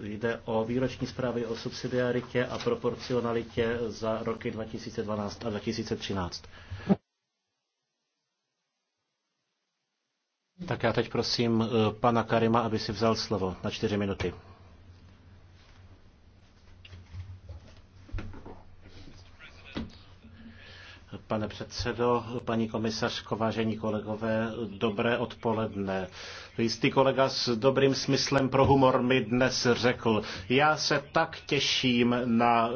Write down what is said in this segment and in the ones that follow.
Jde o výroční zprávy o subsidiaritě a proporcionalitě za roky 2012 a 2013. Tak já teď prosím eh, pana Karima, aby si vzal slovo na čtyři minuty. pane předsedo, paní komisařko, vážení kolegové, dobré odpoledne. Jistý kolega s dobrým smyslem pro humor mi dnes řekl, já se tak těším na,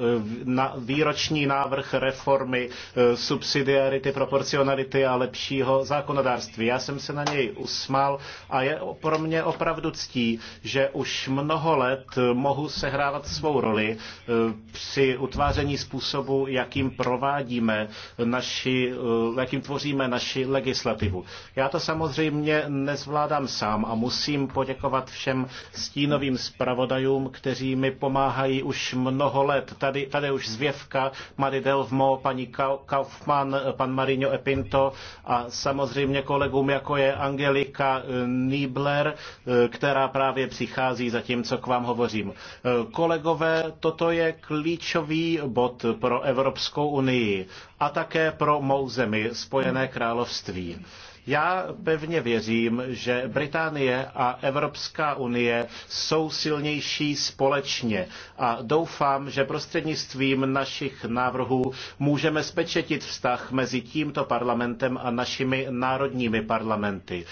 na výroční návrh reformy eh, subsidiarity, proporcionality a lepšího zákonodárství. Já jsem se na něj usmál a je pro mě opravdu ctí, že už mnoho let eh, mohu sehrávat svou roli eh, při utváření způsobu, jakým provádíme naš naši, eh, jakým tvoříme naši legislativu. Já to samozřejmě nezvládám sám a musím poděkovat všem stínovým zpravodajům, kteří mi pomáhají už mnoho let. Tady, tady už Zvěvka, Mary Delvmo, paní Kaufmann, pan Marino Epinto a samozřejmě kolegům, jako je Angelika eh, Niebler, eh, která právě přichází za tím, co k vám hovořím. Kolegové, toto je klíčový bod pro Evropskou unii a také pro mou zemi, Spojené království. Já pevně věřím, že Británie a Evropská unie jsou silnější společně a doufám, že prostřednictvím našich návrhů můžeme spečetit vztah mezi tímto parlamentem a našimi národními parlamenty.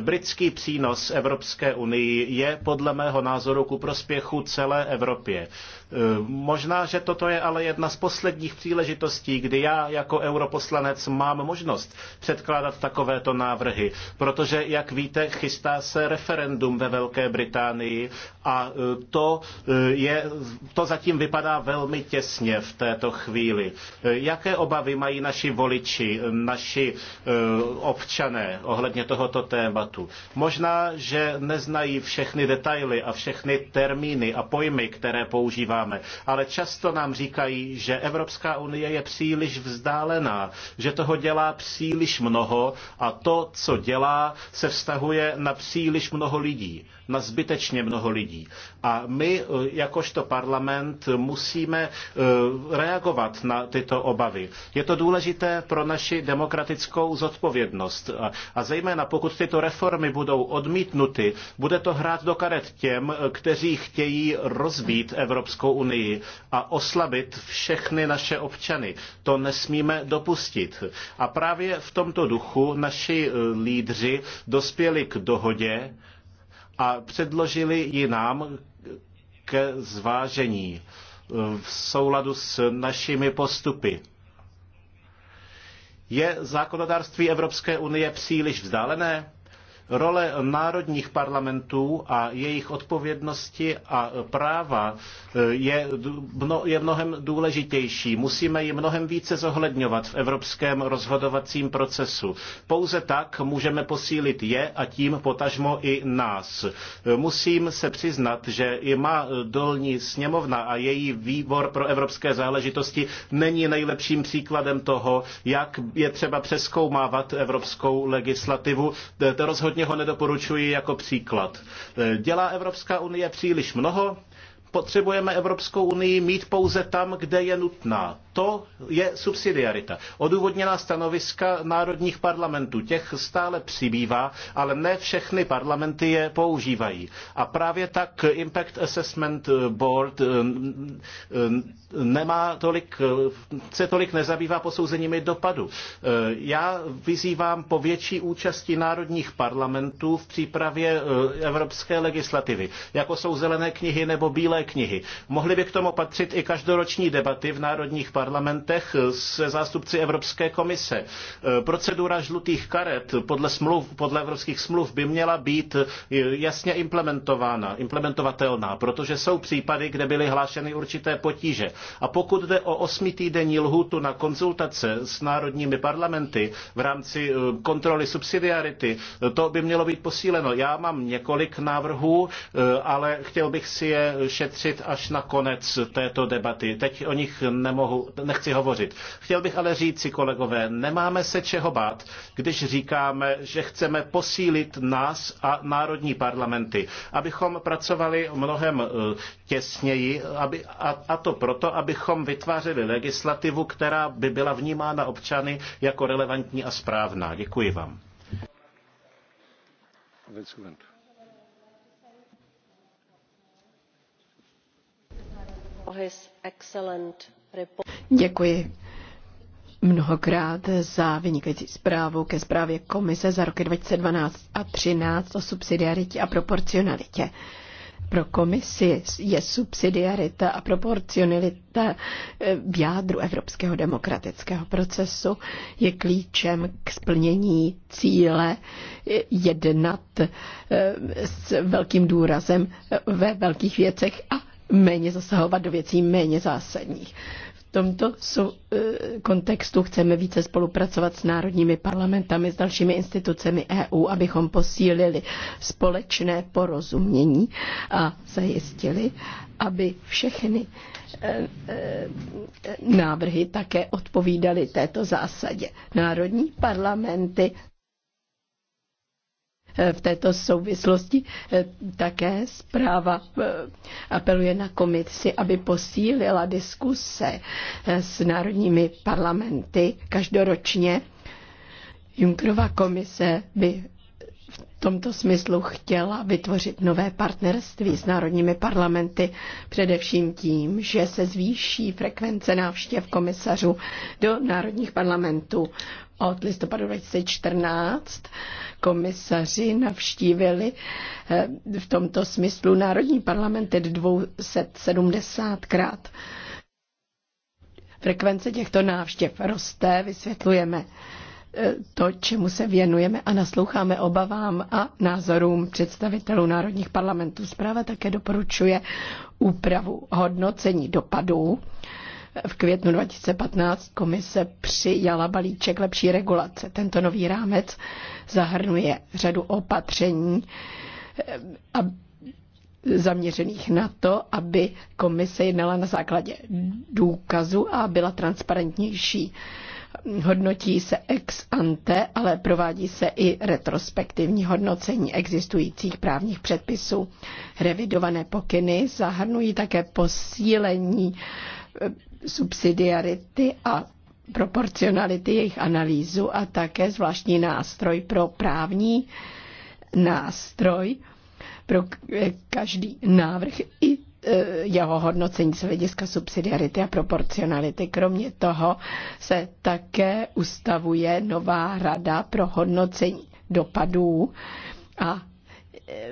Britský přínos Evropské unii je podle mého názoru ku prospěchu celé Evropě. Eh, možná, že toto je ale jedna z posledních příležitostí, kdy já jako europoslanec mám možnost předkládat takovéto návrhy, protože, jak víte, chystá se referendum ve Velké Británii a eh, to, eh, je, to zatím vypadá velmi těsně v této chvíli. Jaké obavy mají naši voliči, naši občané ohledně tohoto tématu? Možná, že neznají všechny detaily a všechny termíny a pojmy, které používá děláme. Ale často nám říkají, že Evropská unie je příliš vzdálená, že toho dělá příliš mnoho a to, co dělá, se vztahuje na příliš mnoho lidí na zbytečně mnoho lidí. A my, e, jakožto parlament, musíme e, reagovat na tyto obavy. Je to důležité pro naši demokratickou zodpovědnost. A zejména pokud tyto reformy budou odmítnuty, bude to hrát do karet těm, e, kteří chtějí rozbít Evropskou unii a oslabit všechny naše občany. To nesmíme dopustit. A právě v tomto duchu naši lídři dospěli k dohodě, a předložili ji nám ke zvážení eh, v souladu s našimi postupy. Je zákonodárství Evropské unie příliš vzdálené? Role národních parlamentů a jejich odpovědnosti a práva eh, je, je mnohem důležitější. Musíme ji mnohem více zohledňovat v evropském rozhodovacím procesu. Pouze tak můžeme posílit je a tím potažmo i nás. Eh, musím se přiznat, že i má dolní sněmovna a její výbor pro evropské záležitosti není nejlepším příkladem toho, jak je třeba přeskoumávat evropskou legislativu. Eh, to rozhodně rozhodně ho nedoporučuji jako příklad. E, dělá Evropská unie příliš mnoho? Potřebujeme Evropskou unii mít pouze tam, kde je nutná to je subsidiarita. Odůvodněná stanoviska národních parlamentů, těch stále přibývá, ale ne všechny parlamenty je používají. A právě tak Impact Assessment Board eh, nemá tolik, se tolik nezabývá posouzeními dopadu. Eh, já vyzývám po větší účasti národních parlamentů v přípravě eh, evropské legislativy, jako jsou zelené knihy nebo bílé knihy. Mohly by k tomu patřit i každoroční debaty v národních parlamentech parlamentech se zástupci Evropské komise. Procedura žlutých karet podle, smluv, podle evropských smluv by měla být jasně implementována, implementovatelná, protože jsou případy, kde byly hlášeny určité potíže. A pokud jde o osmitýdenní lhůtu na konzultace s národními parlamenty v rámci eh, kontroly subsidiarity, to by mělo být posíleno. Já mám několik návrhů, eh, ale chtěl bych si je šetřit až na konec této debaty. Teď o nich nemohu nechci hovořit. Chtěl bych ale říct si, kolegové, nemáme se čeho bát, když říkáme, že chceme posílit nás a národní parlamenty, abychom pracovali mnohem eh, těsněji aby, a, a to proto, abychom vytvářeli legislativu, která by byla vnímána občany jako relevantní a správná. Děkuji vám. for oh, his excellent Děkuji mnohokrát za vynikající zprávu ke zprávě Komise za roky 2012 a 2013 o subsidiaritě a proporcionalitě. Pro komisi je subsidiarita a proporcionalita eh, v jádru evropského demokratického procesu, je klíčem k splnění cíle eh, jednat eh, s velkým důrazem ve velkých věcech a méně zasahovat do věcí méně zásadních. V tomto eh, kontextu chceme více spolupracovat s národními parlamentami, s dalšími institucemi EU, abychom posílili společné porozumění a zajistili, aby všechny eh, eh, návrhy také odpovídaly této zásadě. Národní parlamenty Eh, v této souvislosti eh, také zpráva eh, apeluje na komisi, aby posílila diskuse s národními parlamenty každoročně Junkerova komise by tomto smyslu chtěla vytvořit nové partnerství s národními parlamenty, především tím, že se zvýší frekvence návštěv komisařů do národních parlamentů. Od listopadu 2014 komisaři navštívili eh, v tomto smyslu národní parlamenty 270krát. Frekvence těchto návštěv roste, vysvětlujeme Eh, to, čemu se věnujeme a nasloucháme obavám a názorům představitelů národních parlamentů. Zpráva také doporučuje úpravu hodnocení dopadů. V květnu 2015 komise přijala balíček lepší regulace. Tento nový rámec zahrnuje řadu opatření, eh, a zaměřených na to, aby komise jednala na základě důkazu a byla transparentnější hodnotí se ex ante, ale provádí se i retrospektivní hodnocení existujících právních předpisů. Revidované pokyny zahrnují také posílení eh, subsidiarity a proporcionality jejich analýzu a také zvláštní nástroj pro právní nástroj pro eh, každý návrh i Eh, jeho hodnocení z hlediska subsidiarity a proporcionality. Kromě toho se také ustavuje nová rada pro hodnocení dopadů a eh,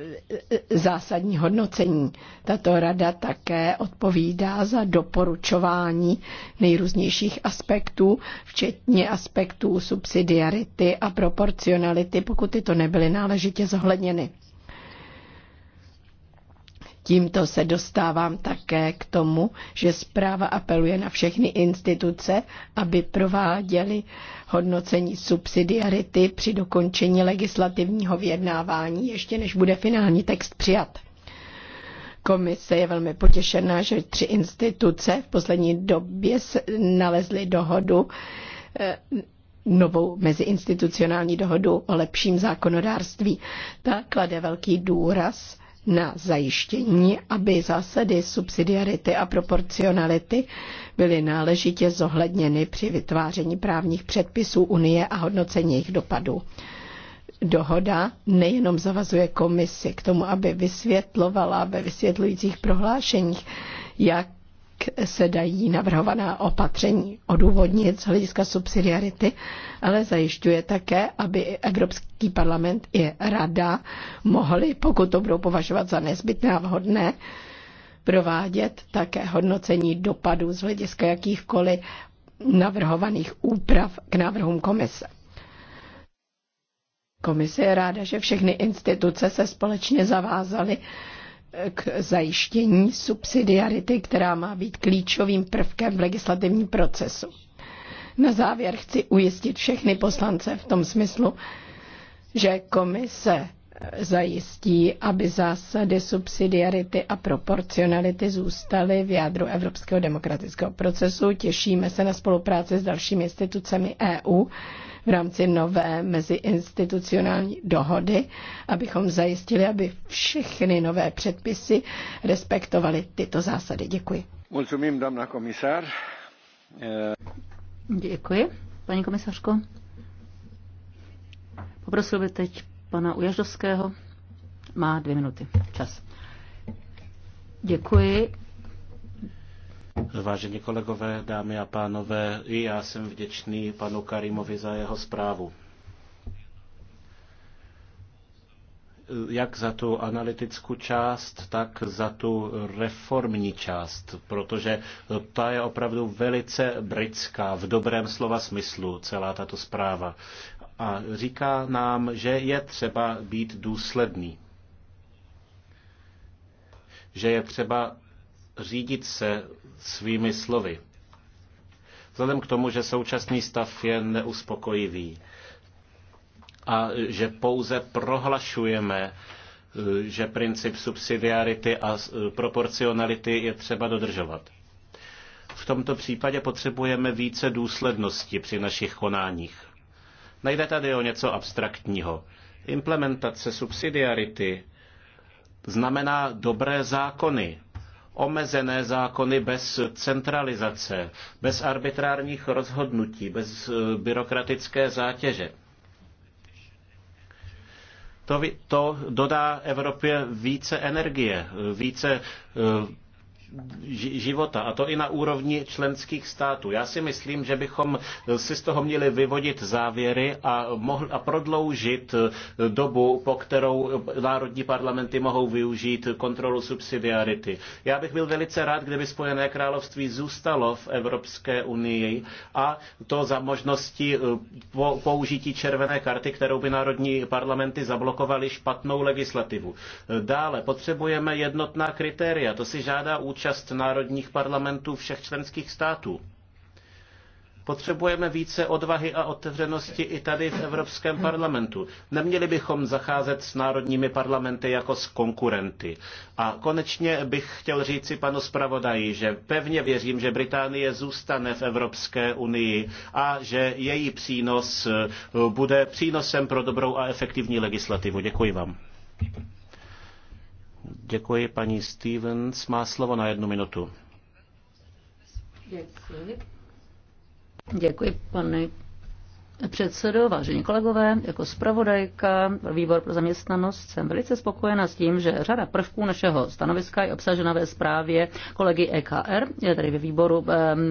zásadní hodnocení. Tato rada také odpovídá za doporučování nejrůznějších aspektů, včetně aspektů subsidiarity a proporcionality, pokud tyto nebyly náležitě zohledněny. Tímto se dostávám také k tomu, že zpráva apeluje na všechny instituce, aby prováděly hodnocení subsidiarity při dokončení legislativního vyjednávání, ještě než bude finální text přijat. Komise je velmi potěšená, že tři instituce v poslední době nalezly dohodu eh, novou meziinstitucionální dohodu o lepším zákonodárství. Ta klade velký důraz na zajištění, aby zásady subsidiarity a proporcionality byly náležitě zohledněny při vytváření právních předpisů Unie a hodnocení jejich dopadů. Dohoda nejenom zavazuje komisi k tomu, aby vysvětlovala ve vysvětlujících prohlášeních, jak se dají navrhovaná opatření odůvodnit z hlediska subsidiarity, ale zajišťuje také, aby Evropský parlament i Rada mohli, pokud to budou považovat za nezbytné a vhodné, provádět také hodnocení dopadů z hlediska jakýchkoliv navrhovaných úprav k návrhům komise. Komise je ráda, že všechny instituce se společně zavázaly k zajištění subsidiarity, která má být klíčovým prvkem v legislativním procesu. Na závěr chci ujistit všechny poslance v tom smyslu, že komise zajistí, aby zásady subsidiarity a proporcionality zůstaly v jádru evropského demokratického procesu. Těšíme se na spolupráci s dalšími institucemi EU v rámci nové meziinstitucionální dohody, abychom zajistili, aby všechny nové předpisy respektovaly tyto zásady. Děkuji. Mulțumim, doamna komisar. Děkuji, paní komisařko. Poprosil bych teď pana Ujaždovského. Má dvě minuty čas. Děkuji. Vážení kolegové, dámy a pánové, i já jsem vděčný panu Karimovi za jeho zprávu. jak za tu analytickou část, tak za tu reformní část, protože ta je opravdu velice britská, v dobrém slova smyslu, celá tato zpráva a říká nám, že je třeba být důsledný. Že je třeba řídit se svými slovy. Vzhledem k tomu, že současný stav je neuspokojivý a že pouze prohlašujeme, že princip subsidiarity a proporcionality je třeba dodržovat. V tomto případě potřebujeme více důslednosti při našich konáních. Nejde tady o něco abstraktního. Implementace subsidiarity znamená dobré zákony, omezené zákony bez centralizace, bez arbitrárních rozhodnutí, bez eh, byrokratické zátěže. To, to dodá Evropě více energie, více eh, života, a to i na úrovni členských států. Já si myslím, že bychom si z toho měli vyvodit závěry a, mohl, a prodloužit eh, dobu, po kterou národní parlamenty mohou využít kontrolu subsidiarity. Já bych byl velice rád, kdyby Spojené království zůstalo v Evropské unii a to za možnosti eh, použití červené karty, kterou by národní parlamenty zablokovaly špatnou legislativu. Dále potřebujeme jednotná kritéria, to si žádá účinnost účast národních parlamentů všech členských států. Potřebujeme více odvahy a otevřenosti i tady v Evropském parlamentu. Neměli bychom zacházet s národními parlamenty jako s konkurenty. A konečně bych chtěl říci panu zpravodaji, že pevně věřím, že Británie zůstane v Evropské unii a že její přínos eh, bude přínosem pro dobrou a efektivní legislativu. Děkuji vám. Děkuji, paní Stevens. Má slovo na jednu minutu. Děkuji. Děkuji, pane předsedo, vážení kolegové, jako zpravodajka výbor pro zaměstnanost jsem velice spokojena s tím, že řada prvků našeho stanoviska je obsažena ve zprávě kolegy EKR, tady ve výboru,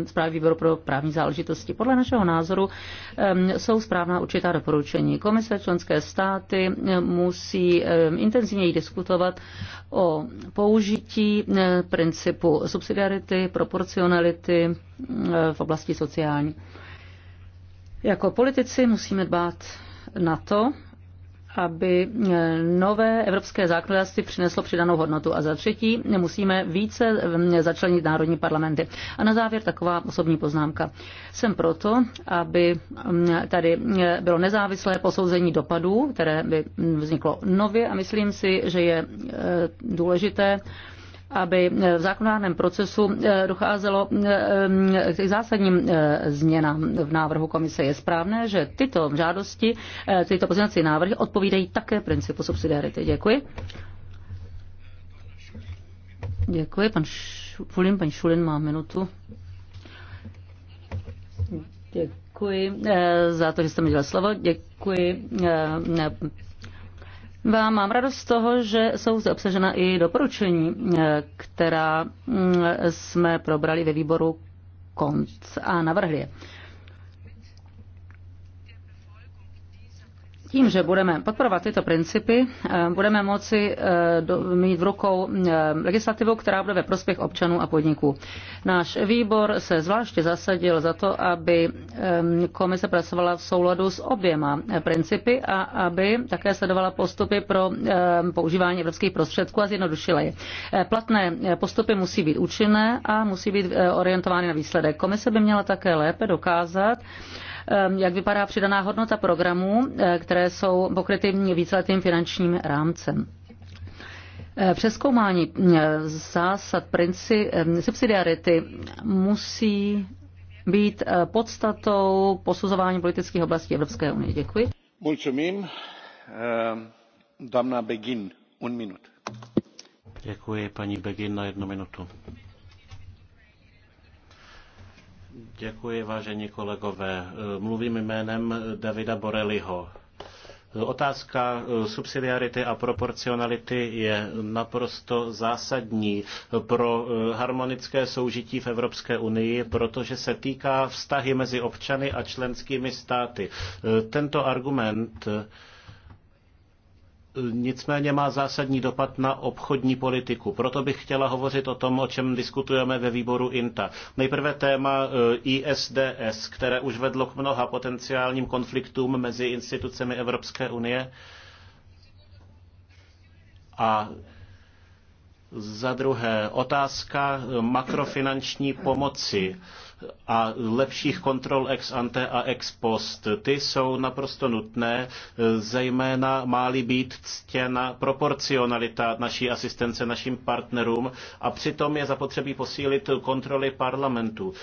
zprávě výboru pro právní záležitosti. Podle našeho názoru jsou správná určitá doporučení. Komise členské státy musí intenzivněji diskutovat o použití principu subsidiarity, proporcionality v oblasti sociální. Jako politici musíme dbát na to, aby eh, nové evropské zákonodárství přineslo přidanou hodnotu. A za třetí, musíme více mm, začlenit národní parlamenty. A na závěr taková osobní poznámka. Jsem proto, aby mm, tady eh, bylo nezávislé posouzení dopadů, které by mm, vzniklo nově a myslím si, že je eh, důležité, aby eh, v zákonodárném procesu eh, docházelo eh, k zásadním změnám v návrhu komise. Je správné, že tyto žádosti, tyto pozměňovací návrhy odpovídají také principu subsidiarity. Děkuji. Děkuji. Pan Šulin, pan Šulin má minutu. Děkuji za to, že jste mi dělal slovo. Děkuji vám mám radost z toho, že jsou zde obsažena i doporučení, eh, která mm, jsme probrali ve výboru KONC a navrhli je. tím, že budeme podporovat tyto principy, eh, budeme moci eh, mít v rukou eh, legislativu, která bude ve prospěch občanů a podniků. Náš výbor se zvláště zasadil za to, aby komise pracovala v souladu s oběma principy a aby také sledovala postupy pro používání evropských prostředků a zjednodušila je. Platné postupy musí být účinné a musí být orientovány na výsledek. Komise by měla také lépe dokázat, Ehm, jak vypadá přidaná hodnota programů, eh, které jsou pokryty víceletým finančním rámcem. Eh, přeskoumání eh, zásad princi, ehm, subsidiarity musí být podstatou posuzování politických oblastí Evropské unie. Děkuji. Mulțumim. Ehm, doamna Begin, un minut. Děkuji, paní Begin, na jednu minutu. Děkuji, vážení kolegové. Mluvím jménem Davida Boreliho. Otázka subsidiarity a proporcionality je naprosto zásadní pro harmonické soužití v Evropské unii, protože se týká vztahy mezi občany a členskými státy. Tento argument nicméně má zásadní dopad na obchodní politiku. Proto bych chtěla hovořit o tom, o čem diskutujeme ve výboru INTA. Nejprve téma eh, ISDS, které už vedlo k mnoha potenciálním konfliktům mezi institucemi Evropské unie. A za druhé, otázka makrofinanční pomoci a lepších kontrol ex ante a ex post. Ty jsou naprosto nutné, zejména máli být ctěna proporcionalita naší asistence našim partnerům a přitom je zapotřebí posílit kontroly parlamentu.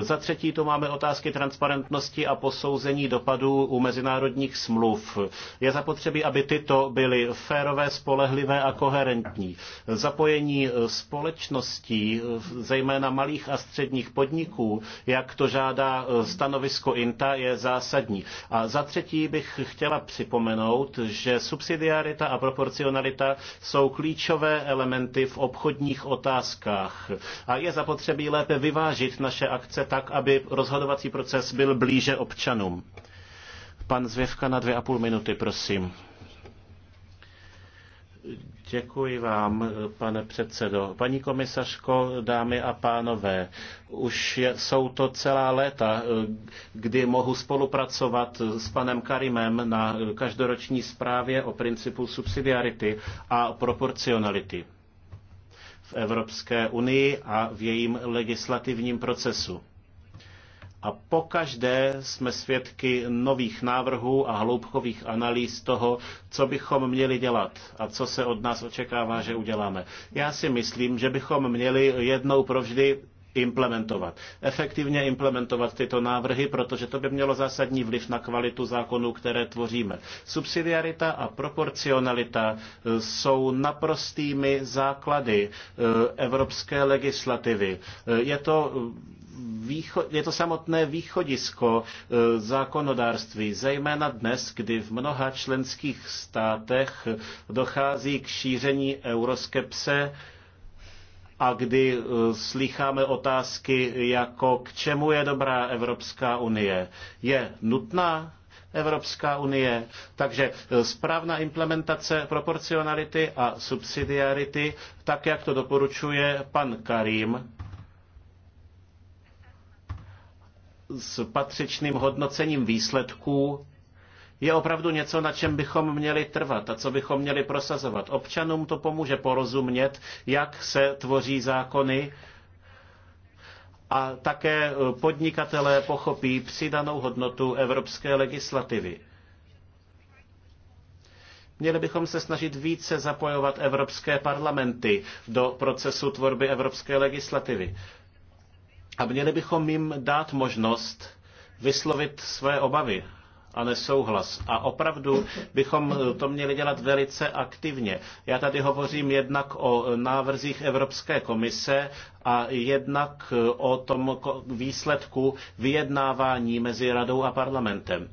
Za třetí tu máme otázky transparentnosti a posouzení dopadů u mezinárodních smluv. Je zapotřebí, aby tyto byly férové, spolehlivé a koherentní. Zapojení společností, zejména malých a středních podniků, jak to žádá eh, stanovisko INTA, je zásadní. A za třetí bych chtěla připomenout, že subsidiarita a proporcionalita jsou klíčové elementy v obchodních otázkách. A je zapotřebí lépe vyvážit naše akce tak, aby rozhodovací proces byl blíže občanům. Pan Zvěvka na dvě a půl minuty, prosím. Děkuji vám, pane předsedo. Paní komisařko, dámy a pánové, už je, jsou to celá léta, kdy mohu spolupracovat s panem Karimem na každoroční zprávě o principu subsidiarity a proporcionality v Evropské unii a v jejím legislativním procesu. A pokaždé jsme svědky nových návrhů a hloubkových analýz toho, co bychom měli dělat a co se od nás očekává, že uděláme. Já si myslím, že bychom měli jednou provždy implementovat. Efektivně implementovat tyto návrhy, protože to by mělo zásadní vliv na kvalitu zákonů, které tvoříme. Subsidiarita a proporcionalita eh, jsou naprostými základy eh, evropské legislativy. Eh, je to Výcho- je to samotné východisko e, zákonodárství, zejména dnes, kdy v mnoha členských státech dochází k šíření euroskepse a kdy e, slycháme otázky jako k čemu je dobrá Evropská unie. Je nutná Evropská unie. Takže e, správná implementace proporcionality a subsidiarity, tak jak to doporučuje pan Karim, s patřičným hodnocením výsledků je opravdu něco, na čem bychom měli trvat a co bychom měli prosazovat. Občanům to pomůže porozumět, jak se tvoří zákony a také podnikatelé pochopí přidanou hodnotu evropské legislativy. Měli bychom se snažit více zapojovat evropské parlamenty do procesu tvorby evropské legislativy. A měli bychom jim dát možnost vyslovit své obavy a nesouhlas. A opravdu bychom to měli dělat velice aktivně. Já tady hovořím jednak o návrzích Evropské komise a jednak o tom výsledku vyjednávání mezi radou a parlamentem.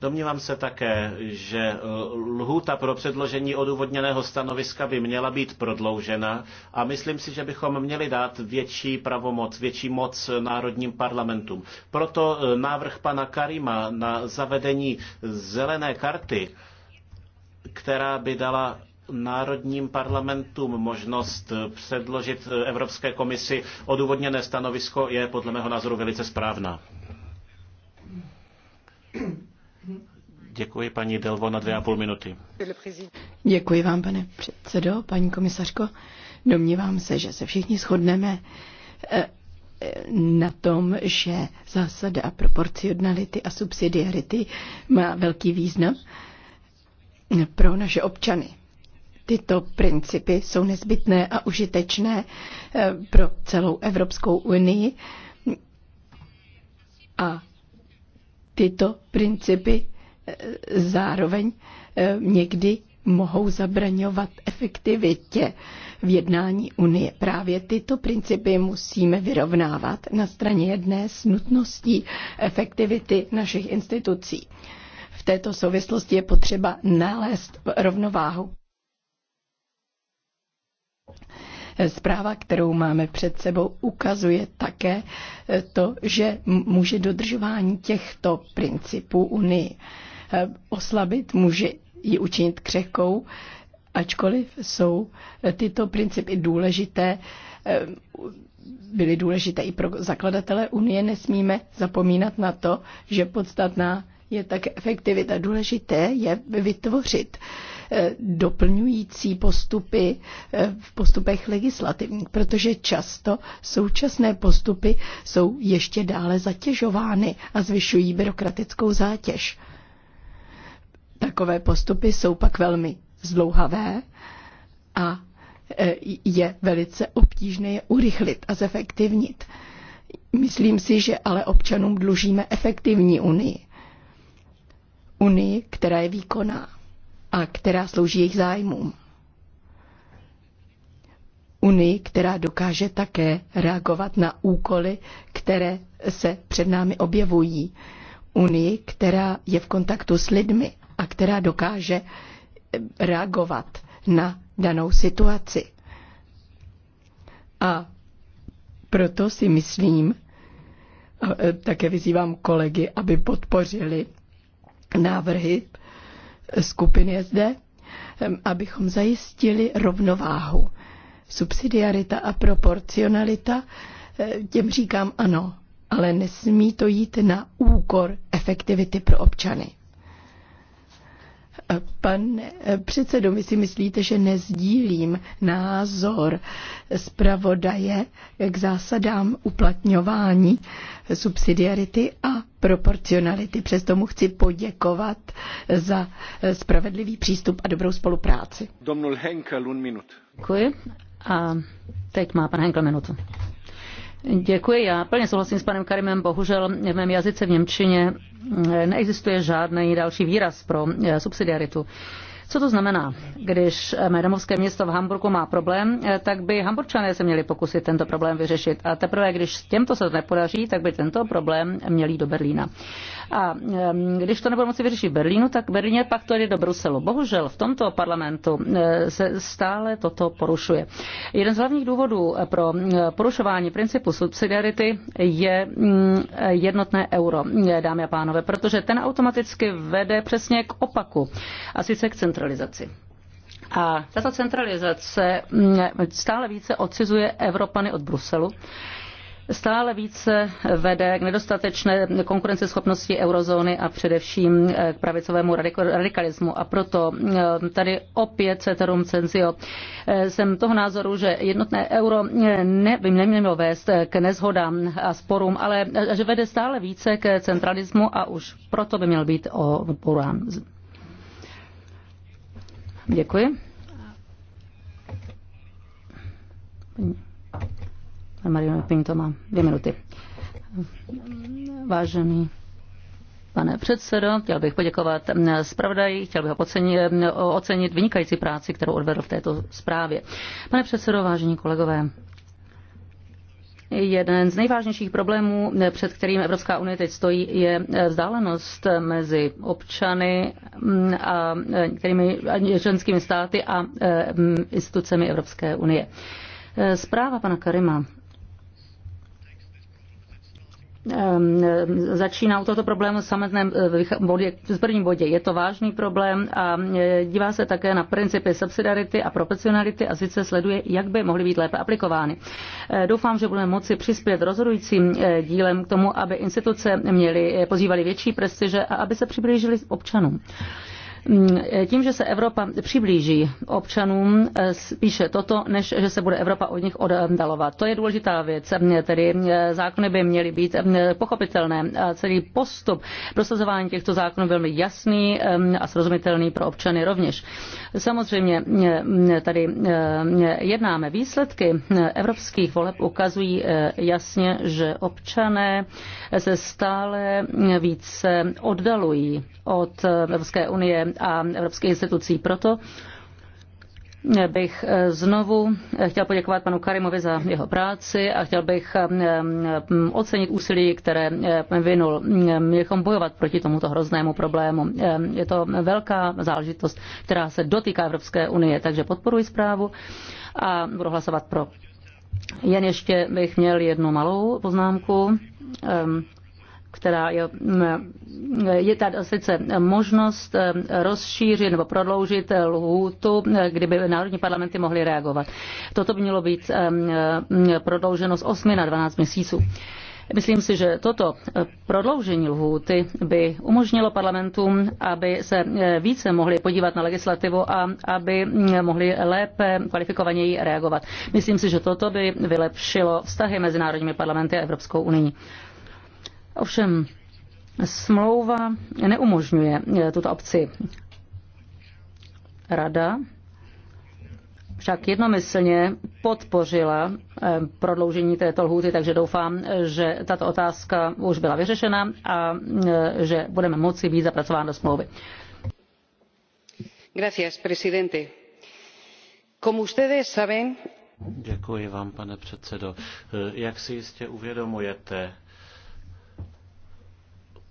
Domnívám se také, že e, lhůta pro předložení odůvodněného stanoviska by měla být prodloužena a myslím si, že bychom měli dát větší pravomoc, větší moc národním parlamentům. Proto e, návrh pana Karima na zavedení zelené karty, která by dala národním parlamentům možnost e, předložit Evropské komisi odůvodněné stanovisko je podle mého názoru velice správná. Děkuji paní Delvo na dvě a půl minuty. Děkuji vám, pane předsedo, paní komisařko. Domnívám se, že se všichni shodneme eh, eh, na tom, že zásada proporcionality a subsidiarity má velký význam pro naše občany. Tyto principy jsou nezbytné a užitečné eh, pro celou Evropskou unii a tyto principy zároveň eh, někdy mohou zabraňovat efektivitě v jednání Unie. Právě tyto principy musíme vyrovnávat na straně jedné s nutností efektivity našich institucí. V této souvislosti je potřeba nalézt rovnováhu. Zpráva, kterou máme před sebou, ukazuje také eh, to, že může dodržování těchto principů Unii Eh, oslabit, může ji učinit křehkou, ačkoliv jsou eh, tyto principy důležité, eh, byly důležité i pro zakladatele Unie, nesmíme zapomínat na to, že podstatná je také efektivita. Důležité je vytvořit doplňující postupy v postupech legislativních, protože často současné postupy jsou ještě dále zatěžovány a zvyšují byrokratickou zátěž. Takové postupy jsou pak velmi zdlouhavé a e, je velice obtížné je urychlit a zefektivnit. Myslím si, že ale občanům dlužíme efektivní unii. Unii, která je výkonná a která slouží jejich zájmům. Unii, která dokáže také reagovat na úkoly, které se před námi objevují. Unii, která je v kontaktu s lidmi a která dokáže eh, reagovat na danou situaci. A proto si myslím, a eh, také vyzývám kolegy, aby podpořili návrhy eh, skupiny SD, abychom zajistili rovnováhu. Subsidiarita a proporcionalita, těm říkám ano, ale nesmí to jít na úkor efektivity pro občany. Pane předsedo, vy si myslíte, že nezdílím názor zpravodaje k zásadám uplatňování subsidiarity a proporcionality. Přesto mu chci poděkovat za spravedlivý přístup a dobrou spolupráci. Domnul Henkel, un minut. Děkuji. A teď má pan Henkel minutu. Děkuji. Já plně souhlasím s panem Karimem. Bohužel v mém jazyce v Němčině neexistuje žádný další výraz pro eh, subsidiaritu. Co to znamená? Když eh, mé město v Hamburgu má problém, eh, tak by Hamburčané se měli pokusit tento problém vyřešit. A teprve, když těmto se to nepodaří, tak by tento problém měli do Berlína. A ehm, když to nebudou moci vyřešit v Berlínu, tak Berlíně pak to jde do Bruselu. Bohužel v tomto parlamentu eh, se stále toto porušuje. Jeden z hlavních důvodů pro porušování principu subsidiarity je mm, jednotné euro, dámy a pánové, protože ten automaticky vede přesně k opaku, a sice k centralizaci centralizaci. A tato centralizace mm, stále více odcizuje Evropany od Bruselu stále více vede k nedostatečné konkurenceschopnosti eurozóny a především eh, k pravicovému radikalismu. A proto eh, tady opět ceterum censio eh, jsem toho názoru, že jednotné euro ne, by nemělo vést k nezhodám a sporům, ale že vede stále více k centralismu a už proto by měl být odborán Děkuji. Pan Marino Pinto má dvě minuty. Vážený Pane předsedo, chtěl bych poděkovat zpravodaji, chtěl bych ho ocenit, ocenit vynikající práci, kterou odvedl v této zprávě. Pane předsedo, vážení kolegové, Jeden z nejvážnějších problémů, před kterým Evropská unie teď stojí, je vzdálenost mezi občany mm, a některými e, členskými státy a e, institucemi Evropské unie. E, zpráva pana Karima Ehm, ehm, začíná u tohoto problému samotném eh, bodě, v prvním bodě. Je to vážný problém a eh, dívá se také na principy subsidiarity a proporcionality a sice sleduje, jak by mohly být lépe aplikovány. Eh, doufám, že budeme moci přispět rozhodujícím dílem k tomu, aby instituce měly, pozývaly větší prestiže a aby se přiblížily občanům. Mm, tím, že se Evropa přiblíží občanům, eh, spíše toto, než že se bude Evropa od nich oddalovat. To je důležitá věc, eh, tedy eh, zákony by měly být pochopitelné. Celý postup prosazování těchto zákonů velmi jasný a srozumitelný pro občany rovněž. Samozřejmě tady jednáme. Výsledky evropských voleb ukazují jasně, že občané se stále více oddalují od Evropské unie a evropských institucí. Proto bych eh, znovu eh, chtěl poděkovat panu Karimovi za jeho práci a chtěl bych eh, ocenit úsilí, které vynul. Měli bychom bojovat proti tomuto hroznému problému. Je to velká záležitost, která se dotýká Evropské unie, takže podporuji zprávu a budu hlasovat pro. Jen ještě bych měl jednu malou poznámku ehm, která je, mm, je tady sice možnost eh, rozšířit nebo prodloužit lhůtu, eh, kdyby národní parlamenty mohly reagovat. Toto by mělo být eh, mm, prodlouženo z 8 na 12 měsíců. Myslím si, že toto prodloužení lhůty by umožnilo parlamentům, aby se více mohli podívat na legislativu a aby mm, mohli lépe kvalifikovaněji reagovat. Myslím si, že toto by vylepšilo vztahy mezi národními parlamenty a Evropskou unii. Ovšem smlouva neumožňuje eh, tuto obci. Rada však jednomyslně podpořila eh, prodloužení této lhůty, takže doufám, že tato otázka už byla vyřešena a eh, že budeme moci být zapracován do smlouvy. Gracias, presidente. Como ustedes saben... Děkuji vám, pane předsedo. Jak si jistě uvědomujete,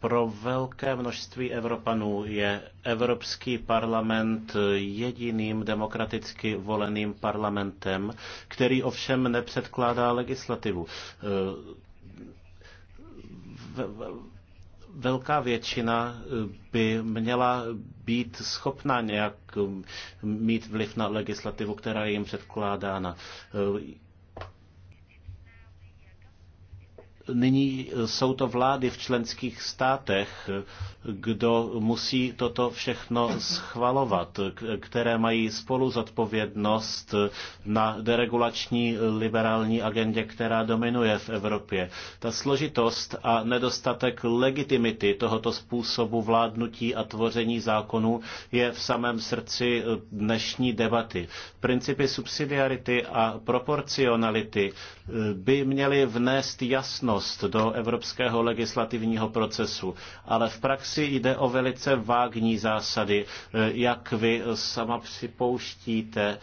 pro velké množství Evropanů je Evropský parlament jediným demokraticky voleným parlamentem, který ovšem nepředkládá legislativu. Velká většina by měla být schopna nějak mít vliv na legislativu, která je jim předkládána. nyní eh, jsou to vlády v členských státech, eh, kdo musí toto všechno schvalovat, eh, které mají spolu zodpovědnost na deregulační liberální agendě, která dominuje v Evropě. Ta složitost a nedostatek legitimity tohoto způsobu vládnutí a tvoření zákonů je v samém srdci dnešní debaty. Principy subsidiarity a proporcionality by měly vnést jasno pružnost do evropského legislativního procesu, ale v praxi jde o velice vágní zásady, eh, jak vy sama připouštíte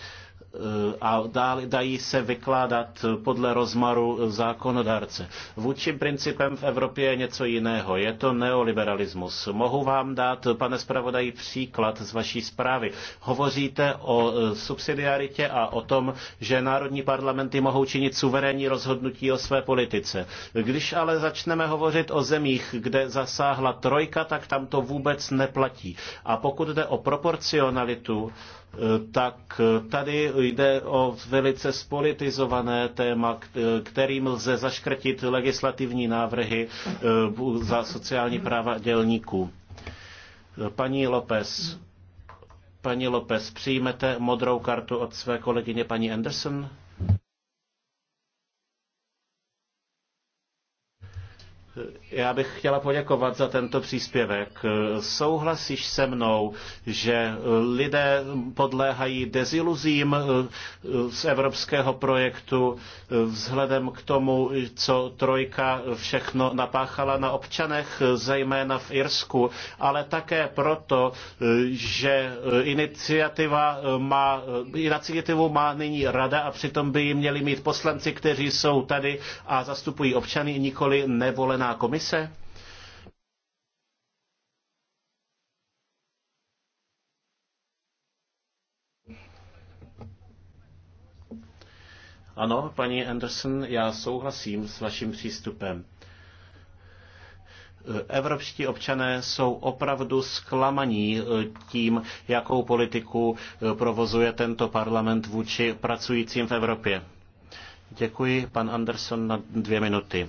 a dají se vykládat podle rozmaru zákonodárce. Vůči principem v Evropě je něco jiného. Je to neoliberalismus. Mohu vám dát, pane zpravodaji, příklad z vaší zprávy. Hovoříte o e, subsidiaritě a o tom, že národní parlamenty mohou činit suverénní rozhodnutí o své politice. Když ale začneme hovořit o zemích, kde zasáhla trojka, tak tam to vůbec neplatí. A pokud jde o proporcionalitu, tak tady jde o velice spolitizované téma, kterým lze zaškrtit legislativní návrhy eh, za sociální práva dělníků. Paní López, paní López, přijmete modrou kartu od své kolegyně paní Anderson? Já bych chtěla poděkovat za tento příspěvek. Souhlasíš se mnou, že lidé podléhají deziluzím eh, z evropského projektu eh, vzhledem k tomu, co Trojka všechno napáchala na občanech, eh, zejména v Irsku, ale také proto, že iniciativa má, iniciativu má nyní rada a přitom by ji měli mít poslanci, kteří jsou tady a zastupují občany, nikoli nevolená jedná komise? Ano, paní Anderson, já souhlasím s vaším přístupem. Evropští občané jsou opravdu zklamaní eh, tím, jakou politiku eh, provozuje tento parlament vůči pracujícím v Evropě. Děkuji, pan Anderson, na dvě minuty.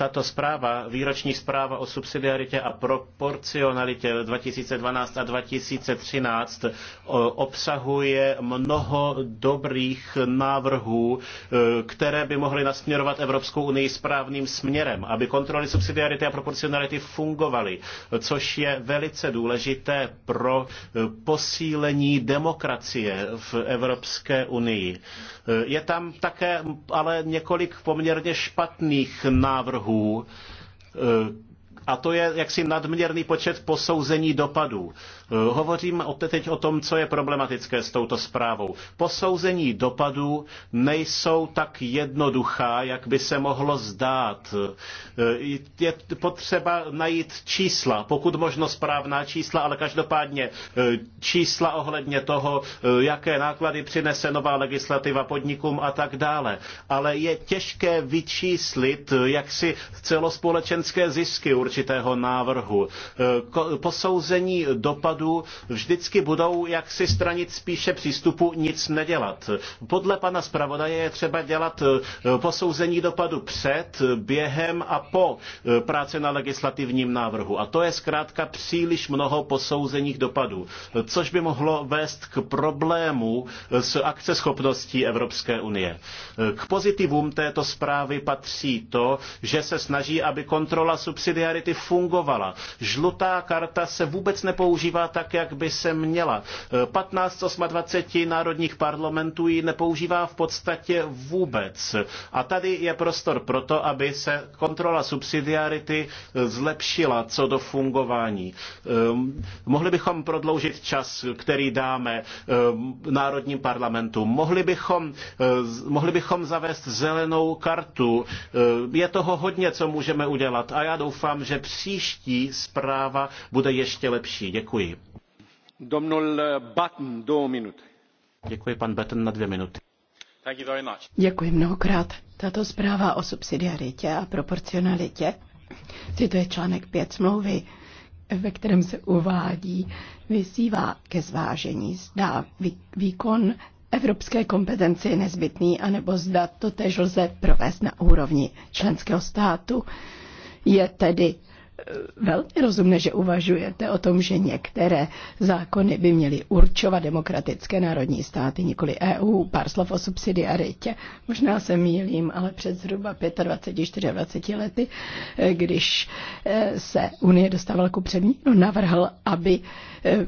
Tato zpráva, výroční zpráva o subsidiaritě a proporcionalitě 2012 a 2013 obsahuje mnoho dobrých návrhů, e, které by mohly nasměrovat Evropskou unii správným směrem, aby kontroly subsidiarity a proporcionality fungovaly, což je velice důležité pro e, posílení demokracie v Evropské unii. E, je tam také ale několik poměrně špatných návrhů druhů. Eh, a to je jaksi nadměrný počet posouzení dopadů. Eh, hovořím teď o tom, co je problematické s touto zprávou. Posouzení dopadů nejsou tak jednoduchá, jak by se mohlo zdát. Eh, je potřeba najít čísla, pokud možno správná čísla, ale každopádně eh, čísla ohledně toho, jaké náklady přinese nová legislativa podnikům a tak dále. Ale je těžké vyčíslit jaksi celospolečenské zisky určitého návrhu. Posouzení dopadů národů vždycky budou jaksi stranit spíše přístupu nic nedělat. Podle pana zpravodaje je třeba dělat eh, posouzení dopadu před, během a po eh, práci na legislativním návrhu. A to je zkrátka příliš mnoho posouzení dopadů, což by mohlo vést k problému eh, s akceschopností Evropské unie. K pozitivům této zprávy patří to, že se snaží, aby kontrola subsidiarity fungovala. Žlutá karta se vůbec nepoužívá tak, jak by se měla. 15 z 28 národních parlamentů ji nepoužívá v podstatě vůbec. A tady je prostor pro to, aby se kontrola subsidiarity zlepšila co do fungování. Ehm, mohli bychom prodloužit čas, který dáme ehm, národním parlamentům. Mohli bychom, eh, mohli bychom zavést zelenou kartu. Ehm, je toho hodně, co můžeme udělat a já doufám, že příští zpráva bude ještě lepší. Děkuji. Eh, Děkuji, pan na dvě minuty. Děkuji mnohokrát. Tato zpráva o subsidiaritě a proporcionalitě cituje článek 5 smlouvy, ve kterém se uvádí, vysívá ke zvážení, zda výkon evropské kompetence je nezbytný, anebo zda to tež lze provést na úrovni členského státu. Je tedy velmi rozumné, že uvažujete o tom, že některé zákony by měly určovat demokratické národní státy, nikoli EU. Pár slov o subsidiaritě. Možná se mýlím, ale před zhruba 25-24 lety, eh, když eh, se Unie dostávala ku přední, no, navrhl, aby eh,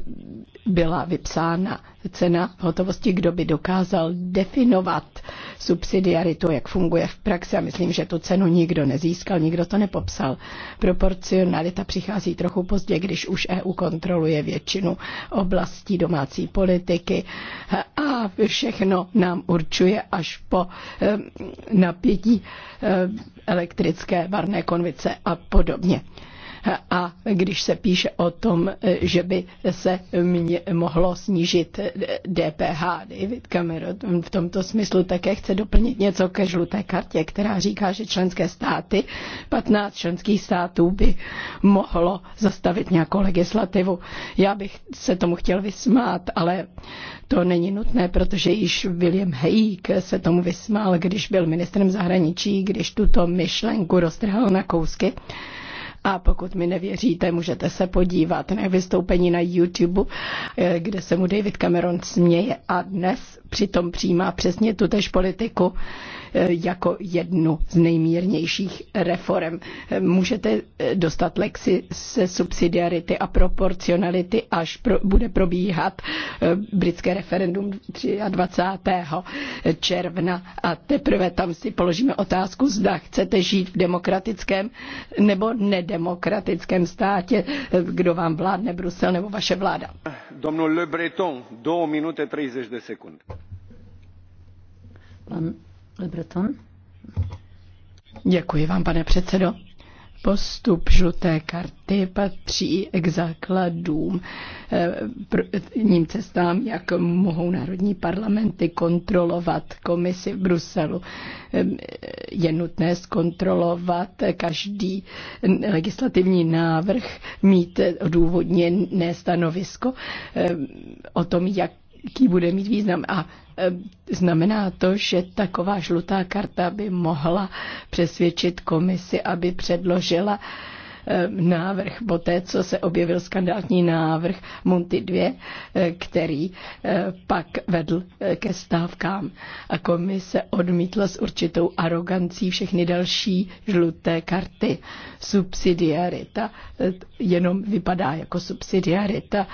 byla vypsána cena hotovosti, kdo by dokázal definovat subsidiaritu, jak funguje v praxi. A myslím, že tu cenu nikdo nezískal, nikdo to nepopsal. Proporcionalita přichází trochu pozdě, když už EU kontroluje většinu oblastí domácí politiky a všechno nám určuje až po napětí elektrické varné konvice a podobně. A když se píše o tom, že by se mě mohlo snížit DPH, David Cameron v tomto smyslu také chce doplnit něco ke žluté kartě, která říká, že členské státy, 15 členských států by mohlo zastavit nějakou legislativu. Já bych se tomu chtěl vysmát, ale to není nutné, protože již William Hayek se tomu vysmál, když byl ministrem zahraničí, když tuto myšlenku roztrhal na kousky. A pokud mi nevěříte, můžete se podívat na vystoupení na YouTube, eh, kde se mu David Cameron směje a dnes přitom přijímá přesně tutež politiku. Eh, jako jednu z nejmírnějších reform. Eh, můžete eh, dostat lexi se subsidiarity a proporcionality, až pro, bude probíhat britské referendum 23. června a teprve tam si položíme otázku, zda chcete žít v demokratickém nebo nedemokratickém státě, kdo vám vládne Brusel nebo vaše vláda. Domnul Le Breton, 2 minuty 30 sekund. Pan Breton. Děkuji vám, pane předsedo. Postup žluté karty patří k základům eh, ním cestám, jak mohou národní parlamenty kontrolovat komisi v Bruselu. Ehm, je nutné zkontrolovat každý legislativní návrh, mít odůvodněné stanovisko ehm, o tom, jak jaký bude mít význam. A e, znamená to, že taková žlutá karta by mohla přesvědčit komisi, aby předložila Eh, návrh, po té, co se objevil skandální návrh Monty 2, eh, který eh, pak vedl ke stávkám. A komise odmítla s určitou arogancí všechny další žluté karty. Subsidiarita jenom vypadá jako subsidiarita.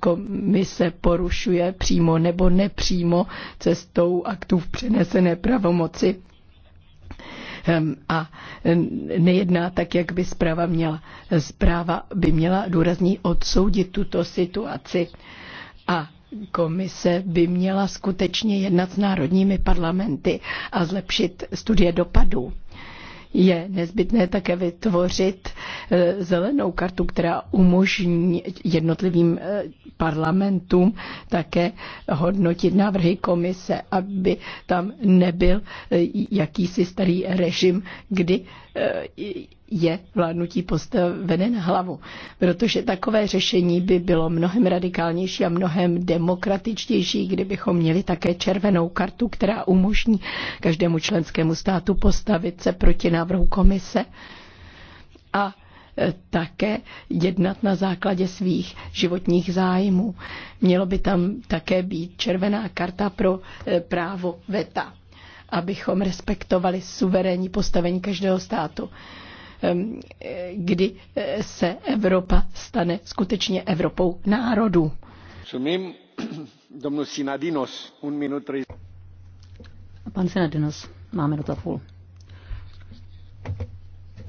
Komise porušuje přímo nebo nepřímo cestou aktů v přenesené pravomoci Ehm, a nejedná tak, jak by zpráva měla. Zpráva by měla důrazně odsoudit tuto situaci a komise by měla skutečně jednat s národními parlamenty a zlepšit studie dopadů je nezbytné také vytvořit eh, zelenou kartu, která umožní jednotlivým eh, parlamentům také hodnotit návrhy komise, aby tam nebyl eh, jakýsi starý režim, kdy je vládnutí postavené na hlavu, protože takové řešení by bylo mnohem radikálnější a mnohem demokratičtější, kdybychom měli také červenou kartu, která umožní každému členskému státu postavit se proti návrhu komise a e, také jednat na základě svých životních zájmů. Mělo by tam také být červená karta pro e, právo VETA, abychom respektovali suverénní postavení každého státu. Ehm, eh, kdy eh, se Evropa stane skutečně Evropou národů. Sumím, Pan Sinadinos, máme minutu a půl.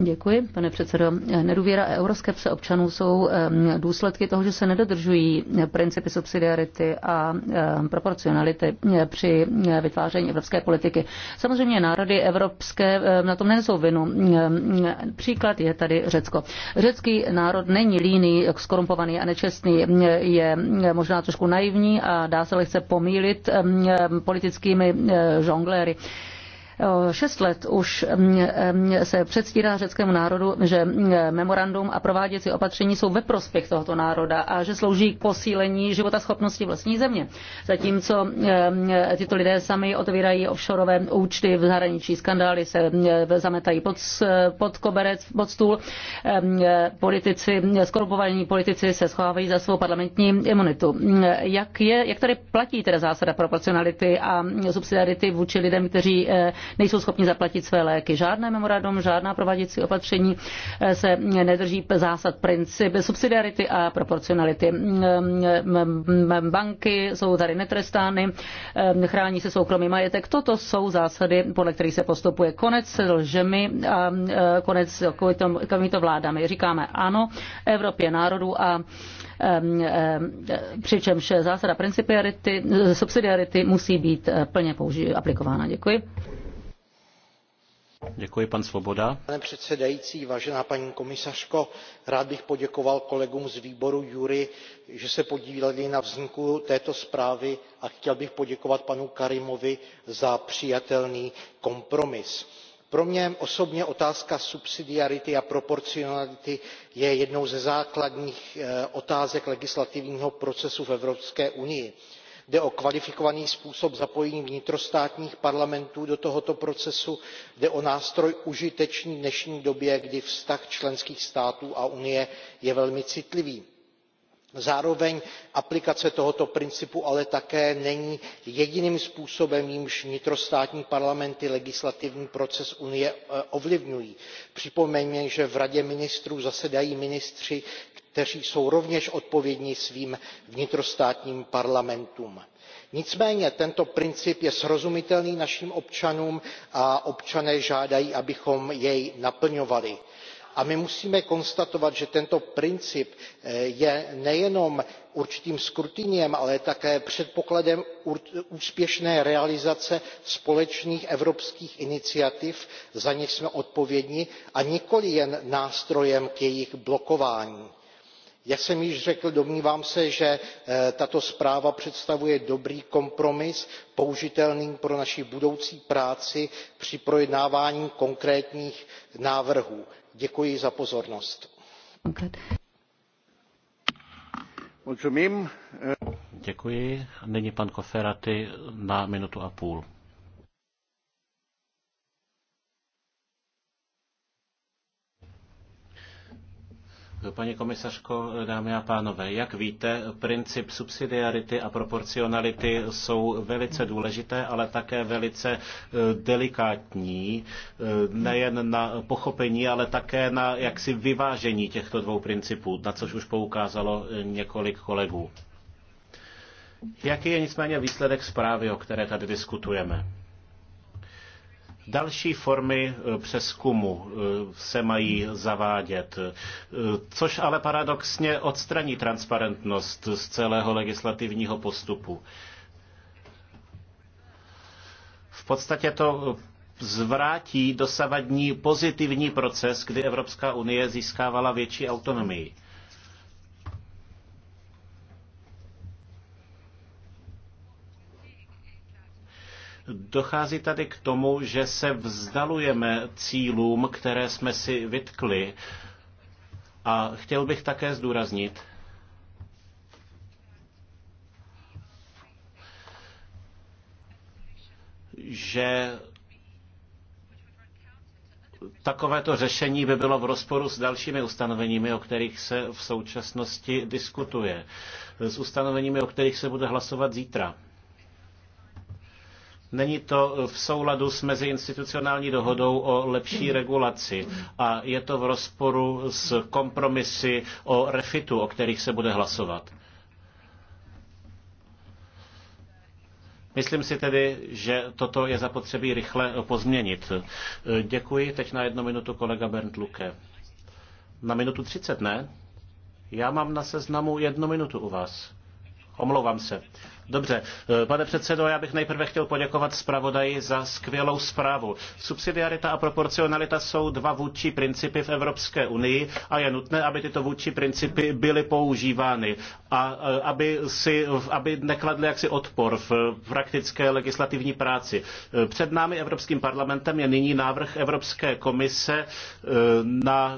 Děkuji, pane předsedo. Nedůvěra a euroskepse občanů jsou důsledky toho, že se nedodržují principy subsidiarity a proporcionality eh, při eh, vytváření evropské politiky. Samozřejmě národy evropské na tom nejsou vinu. Příklad je tady Řecko. Řecký národ není líný, skorumpovaný a nečestný. Je možná trošku naivní a dá se lehce pomílit politickými eh, žongléry. Šest let už mm, mm, se předstírá řeckému národu, že mm, memorandum a prováděcí opatření jsou ve prospěch tohoto národa a že slouží k posílení života schopnosti vlastní země. Zatímco tyto lidé sami otvírají offshoreové účty v zahraničí, skandály se zametají pod, pod koberec, pod stůl. Politici, skorupovaní politici se schovávají za svou parlamentní imunitu. Jak, je, jak tady platí teda zásada proporcionality a subsidiarity vůči lidem, kteří eh, nejsou schopni zaplatit své léky. Žádné memorandum, žádná prováděcí opatření eh, se nedrží zásad princip subsidiarity a proporcionality. Banky jsou tady netrestány, eh, chrání se soukromý majetek. Toto jsou zásady, podle kterých se postupuje. Konec se lžemi a eh, konec to vládami. Říkáme ano Evropě národů a přičemž zásada principiarity, subsidiarity musí být plně použi- aplikována. Děkuji. Děkuji, Pane předsedající, vážená paní komisařko, rád bych poděkoval kolegům z výboru Jury, že se podíleli na vzniku této zprávy a chtěl bych poděkovat panu Karimovi za přijatelný kompromis. Pro mě osobně otázka subsidiarity a proporcionality je jednou ze základních eh, otázek legislativního procesu v Evropské unii jde o kvalifikovaný způsob zapojení vnitrostátních parlamentů do tohoto procesu jde o nástroj užitečný v dnešní době kdy vztah členských států a unie je velmi citlivý zároveň aplikace tohoto principu ale také není jediným způsobem jímž vnitrostátní parlamenty legislativní proces unie eh, ovlivňují. připomeňme že v radě ministrů zasedají ministři kteří jsou rovněž odpovědní svým vnitrostátním parlamentům. nicméně tento princip je srozumitelný našim občanům a občané žádají abychom jej naplňovali a my musíme konstatovat že tento princip eh, je nejenom určitým skrutiniem ale také předpokladem úspěšné realizace společných evropských iniciativ za něž jsme odpovědni a nikoli jen nástrojem k jejich blokování. jak jsem již řekl domnívám se že eh, tato zpráva představuje dobrý kompromis použitelný pro naši budoucí práci při projednávání konkrétních návrhů děkuji za pozornost. Děkuji. pan na minutu a půl. Paní komisařko, dámy a pánové, jak víte, princip subsidiarity a proporcionality jsou velice důležité, ale také velice eh, delikátní, eh, nejen na pochopení, ale také na jaksi vyvážení těchto dvou principů, na což už poukázalo eh, několik kolegů. Jaký je nicméně výsledek zprávy, o které tady diskutujeme? Další formy e, přeskumu e, se mají zavádět, e, což ale paradoxně odstraní transparentnost z celého legislativního postupu. V podstatě to zvrátí dosavadní pozitivní proces, kdy Evropská unie získávala větší autonomii. Dochází tady k tomu, že se vzdalujeme cílům, které jsme si vytkli. A chtěl bych také zdůraznit, že takovéto řešení by bylo v rozporu s dalšími ustanoveními, o kterých se v současnosti diskutuje. S ustanoveními, o kterých se bude hlasovat zítra. Není to v souladu s meziinstitucionální dohodou o lepší regulaci a je to v rozporu s kompromisy o refitu, o kterých se bude hlasovat. Myslím si tedy, že toto je zapotřebí rychle pozměnit. Děkuji. Teď na jednu minutu kolega Bernd Luke. Na minutu třicet, ne? Já mám na seznamu jednu minutu u vás. Omlouvám se. Dobře, eh, pane předsedo, já bych nejprve chtěl poděkovat zpravodaji za skvělou zprávu. Subsidiarita a proporcionalita jsou dva vůdčí principy v Evropské unii a je nutné, aby tyto vůdčí principy byly používány a eh, aby, si, aby nekladly jaksi odpor v praktické legislativní práci. Eh, před námi Evropským parlamentem je nyní návrh Evropské komise na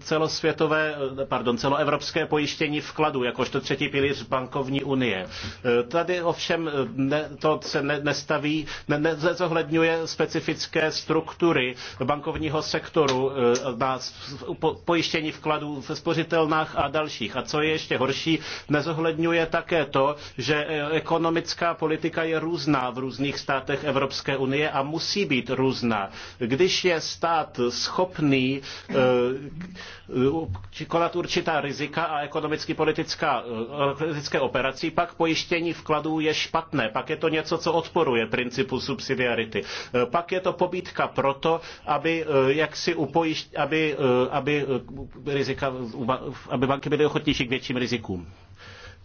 celosvětové, pardon, celoevropské pojištění vkladu, jakožto třetí pilíř bankovní unie. Tady ovšem eh, ne, to se ne, nestaví, ne, nezohledňuje specifické struktury bankovního sektoru eh, na pojištění vkladů v spořitelnách a dalších. A co je ještě horší, nezohledňuje také to, že eh, ekonomická politika je různá v různých státech Evropské unie a musí být různá. Když je stát schopný konat určitá rizika a ekonomicky politická, politické operací, pak pojištění pojištění vkladů je špatné, pak je to něco, co odporuje principu subsidiarity. E, pak je to pobídka proto, aby e, si upojišť, aby, e, aby, rizika, aby banky byly ochotnější k větším rizikům.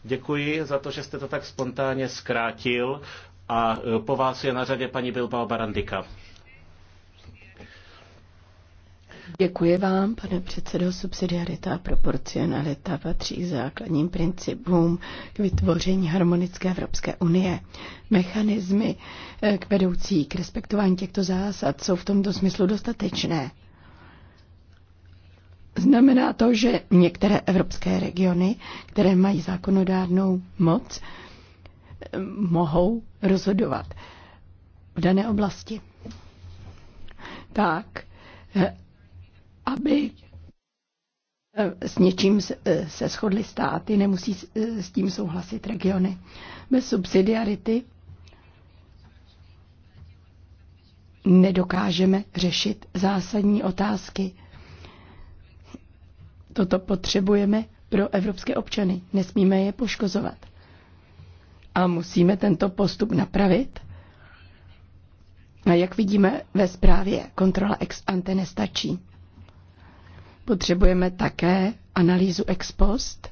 Děkuji za to, že jste to tak spontánně zkrátil a po vás je na řadě paní Bilbao Barandika. Děkuji vám, pane předsedo. Subsidiarita a proporcionalita patří k základním principům k vytvoření harmonické Evropské unie. Mechanismy eh, k vedoucí k respektování těchto zásad jsou v tomto smyslu dostatečné. Znamená to, že některé evropské regiony, které mají zákonodárnou moc, eh, mohou rozhodovat v dané oblasti. Tak, eh, aby eh, s něčím eh, se shodly státy, nemusí eh, s tím souhlasit regiony. Bez subsidiarity nedokážeme řešit zásadní otázky. Toto potřebujeme pro evropské občany. Nesmíme je poškozovat. A musíme tento postup napravit. A jak vidíme ve zprávě, kontrola ex ante nestačí. Potřebujeme také analýzu ex post,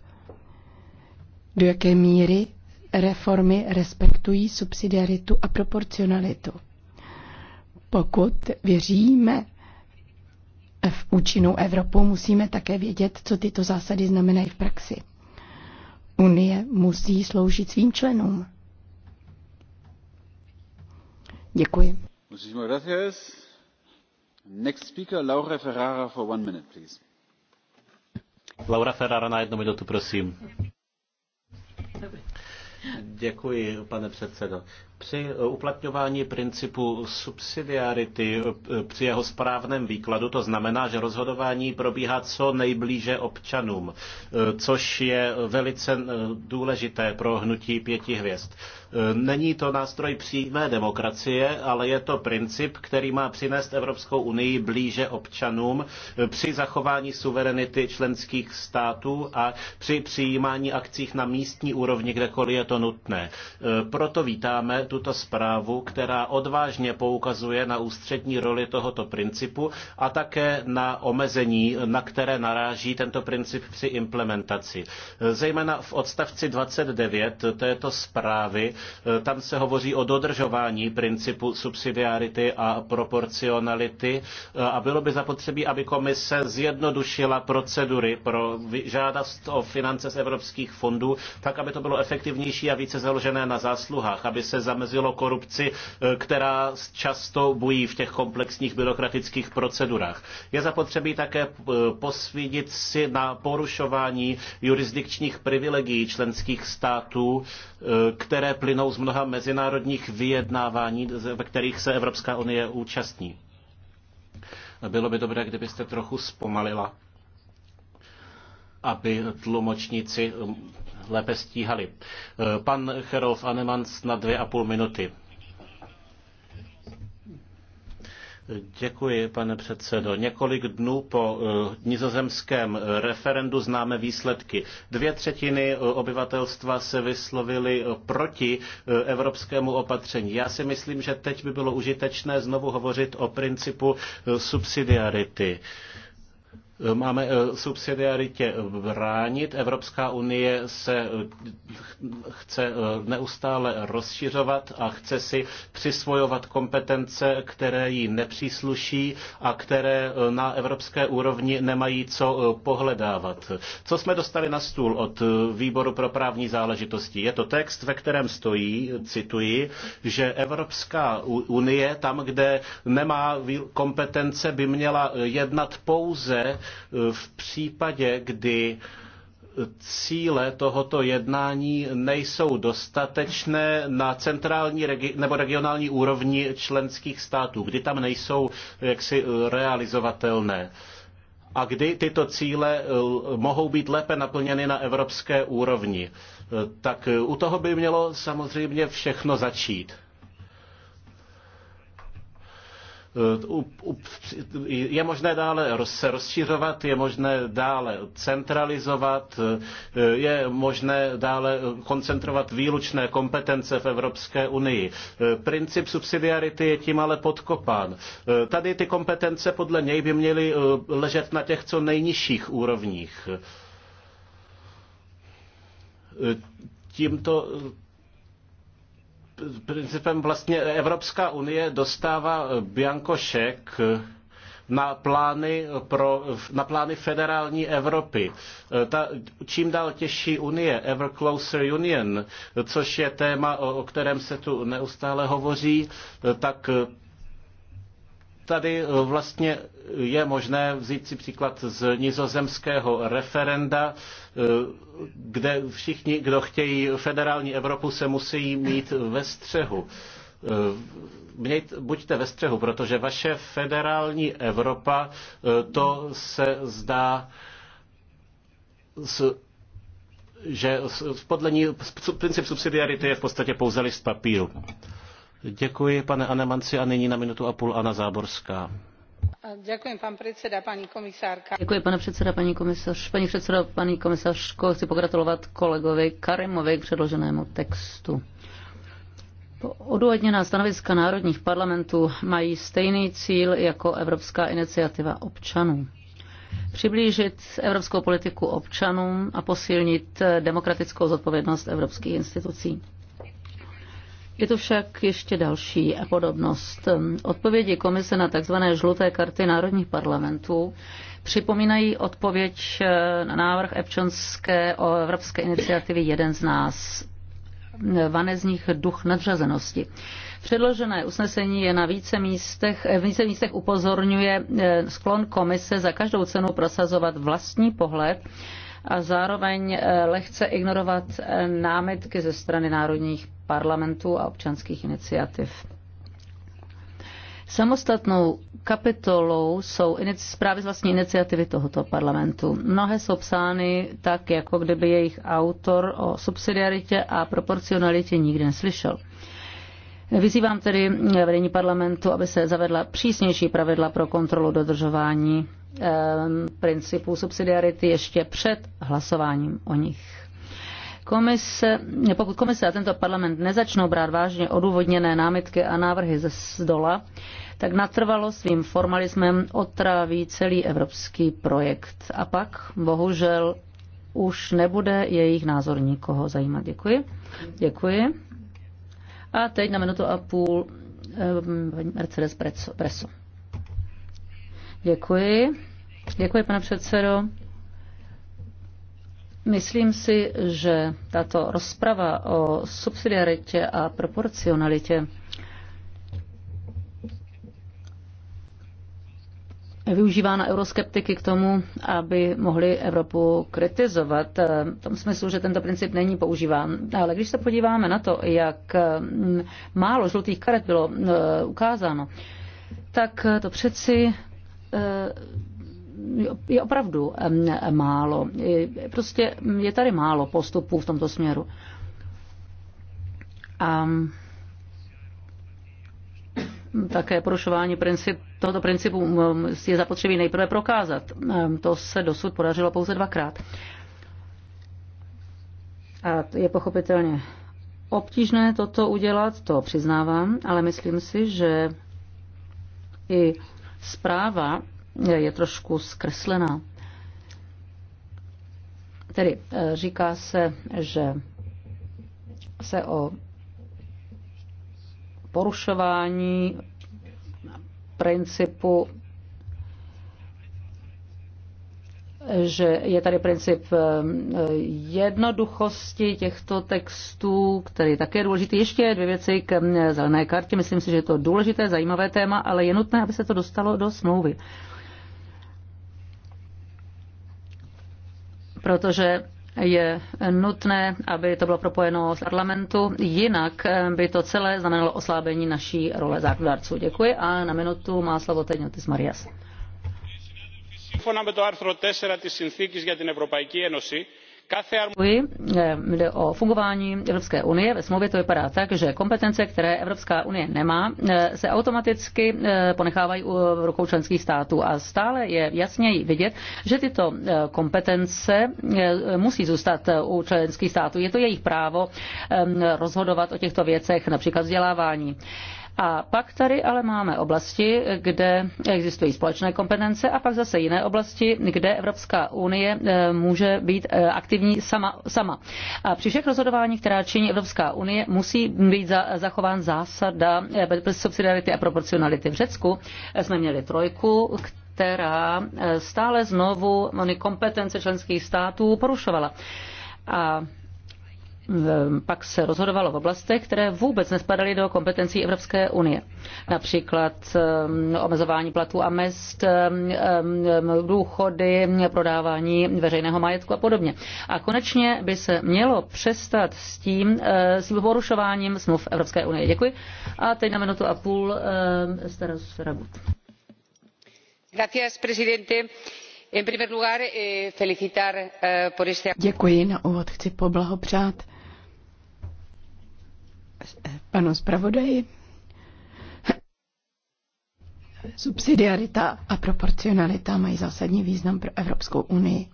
do jaké míry reformy respektují subsidiaritu a proporcionalitu. Pokud věříme v účinnou Evropu, musíme také vědět, co tyto zásady znamenají v praxi. Unie musí sloužit svým členům. Děkuji. Next speaker, Laura Ferrara for one minute, please. Laura Ferrara na jednu minutu, prosím. Děkuji, pane předsedo. Při eh, uplatňování principu subsidiarity eh, při jeho správném výkladu to znamená, že rozhodování probíhá co nejblíže občanům, eh, což je velice důležité pro hnutí pěti hvězd. Není to nástroj přímé demokracie, ale je to princip, který má přinést Evropskou unii blíže občanům při zachování suverenity členských států a při přijímání akcích na místní úrovni, kdekoliv je to nutné. Proto vítáme tuto zprávu, která odvážně poukazuje na ústřední roli tohoto principu a také na omezení, na které naráží tento princip při implementaci. Zejména v odstavci 29 této zprávy, eh, tam se hovoří o dodržování principu subsidiarity a proporcionality eh, a bylo by zapotřebí, aby komise zjednodušila procedury pro žádost o finance z evropských fondů, tak aby to bylo efektivnější a více založené na zásluhách, aby se zabránilo zamezilo korupci, eh, která často bují v těch komplexních byrokratických procedurách. Je zapotřebí také eh, posvídit si na porušování jurisdikčních privilegií členských států, eh, které plynou z mnoha mezinárodních vyjednávání, ve kterých se Evropská unie účastní. Bylo by dobré, kdybyste trochu zpomalila, aby tlumočníci lépe stíhali. Eh, pan Cherov Anemans na dvě a půl minuty. Děkuji, pane předsedo. Několik dnů po eh, nizozemském referendu známe výsledky. Dvě třetiny eh, obyvatelstva se vyslovili proti evropskému opatření. Já si myslím, že teď by bylo užitečné znovu hovořit o principu subsidiarity máme eh, subsidiaritě eh, bránit. Evropská unie se eh, chce neustále rozšiřovat a chce si přisvojovat kompetence, které jí nepřísluší a které na evropské úrovni nemají co pohledávat. Co jsme dostali na stůl od Výboru pro právní záležitosti? Je to text, ve kterém stojí, cituji, že Evropská unie tam, kde nemá kompetence, by měla jednat pouze v případě, kdy cíle tohoto jednání nejsou dostatečné na centrální nebo regionální úrovni členských států, kdy tam nejsou jaksi realizovatelné a kdy tyto cíle eh, mohou být lépe naplněny na evropské úrovni. Eh, tak eh, u toho by mělo samozřejmě všechno začít. Eh, je možné dále se rozšiřovat, je možné dále centralizovat, eh, je možné dále koncentrovat výlučné kompetence v Evropské unii. Eh, princip subsidiarity je tím ale podkopán. Tady ty kompetence podle něj by měly ležet na těch co nejnižších úrovních. Tímto principem vlastně Evropská unie dostává biankošek na plány, pro, na plány federální Evropy. Ta čím dál těžší unie, Ever Closer Union, což je téma, o kterém se tu neustále hovoří, tak tady eh, vlastně je možné vzít si příklad z nizozemského referenda, eh, kde všichni, kdo chtějí federální Evropu, se musí mít ve střehu. Eh, mějte, buďte ve střehu, protože vaše federální Evropa, to se zdá s že podle ní princip subsidiarity je v podstatě pouze list papíru. Děkuji, pane Anemanci, a nyní na minutu a půl Anna Záborská. Děkuji, pan předseda, paní komisárka. Děkuji, pane předseda, paní komisař. Paní předseda, paní komisařko, chci pogratulovat kolegovi Karimovi k předloženému textu. Odůvodněná stanoviska národních parlamentů mají stejný cíl jako Evropská iniciativa občanů. Přiblížit evropskou politiku občanům a posílnit demokratickou zodpovědnost evropských institucí. Je to však ještě další podobnost. Odpovědi komise na tzv. žluté karty národních parlamentů připomínají odpověď na návrh občanské o evropské iniciativy Jeden z nás. Vane z nich duch nadřazenosti. Předložené usnesení je na více místech, v více místech upozorňuje eh, sklon komise za každou cenu prosazovat vlastní pohled a zároveň eh, lehce ignorovat eh, námitky ze strany národních parlamentů a občanských iniciativ. Samostatnou kapitolou jsou zprávy z vlastní iniciativy tohoto parlamentu. Mnohé jsou psány tak, jako kdyby jejich autor o subsidiaritě a proporcionalitě nikdy neslyšel. Vyzývám tedy vedení parlamentu, aby se zavedla přísnější pravidla pro kontrolu dodržování ehm, principů subsidiarity ještě před hlasováním o nich. Komise, pokud komise a tento parlament nezačnou brát vážně odůvodněné námitky a návrhy ze zdola, tak natrvalo svým formalismem otráví celý evropský projekt. A pak, bohužel, už nebude jejich názor nikoho zajímat. Děkuji. Děkuji. A teď na minutu a půl paní eh, Mercedes Preso. Děkuji. Děkuji, pane předsedo. Myslím si, že tato rozprava o subsidiaritě a proporcionalitě využívána euroskeptiky k tomu, aby mohli Evropu kritizovat. Eh, v tom smyslu, že tento princip není používán. Ale když se podíváme na to, jak mm, málo žlutých karet bylo eh, ukázáno, tak eh, to přeci je opravdu mm, málo. Prostě mm, je tady málo postupů v tomto směru. A také porušování princip tohoto principu um, je zapotřebí nejprve prokázat. Um, to se dosud podařilo pouze dvakrát. A je pochopitelně obtížné toto udělat, to přiznávám, ale myslím si, že i zpráva je trošku zkreslená. Tedy eh, říká se, že se o porušování principu že je tady princip eh, jednoduchosti těchto textů, který je také důležitý. Ještě dvě věci k hm, zelené kartě. Myslím si, že je to důležité, zajímavé téma, ale je nutné, aby se to dostalo do smlouvy. Protože je nutné, aby to bylo propojeno s parlamentu, jinak by to celé znamenalo oslábení naší role zákonodárců. Děkuji a na minutu má slovo teď Notis Marias. Σύμφωνα με το άρθρο 4 της Συνθήκης για την Ευρωπαϊκή Ένωση, Eh, jde o fungování Evropské unie. Ve smlouvě to vypadá tak, že kompetence, které Evropská unie nemá, eh, se automaticky eh, ponechávají v rukou členských států. A stále je jasněji vidět, že tyto kompetence musí zůstat u členských států. Je to jejich právo rozhodovat o těchto věcech, například vzdělávání. A pak tady ale máme oblasti, kde existují společné kompetence a pak zase jiné oblasti, kde Evropská unie eh, může být eh, aktivní sama. sama. A při všech rozhodováních která činí Evropská unie, musí být zachován zásada eh, subsidiarity a proporcionality. V Řecku jsme měli trojku, která stále znovu kompetence členských států porušovala. A pak se rozhodovalo v oblastech, které vůbec nespadaly do kompetencí Evropské unie. Například um, omezování platů a mest, um, um, důchody, prodávání veřejného majetku a podobně. A konečně by se mělo přestat s tím, uh, s porušováním smluv Evropské unie. Děkuji. A teď na minutu a půl starost Ferragut. Gracias, presidente. Eh, eh, Děkuji, na úvod chci poblahopřát panu zpravodaji. Subsidiarita a proporcionalita mají zásadní význam pro Evropskou unii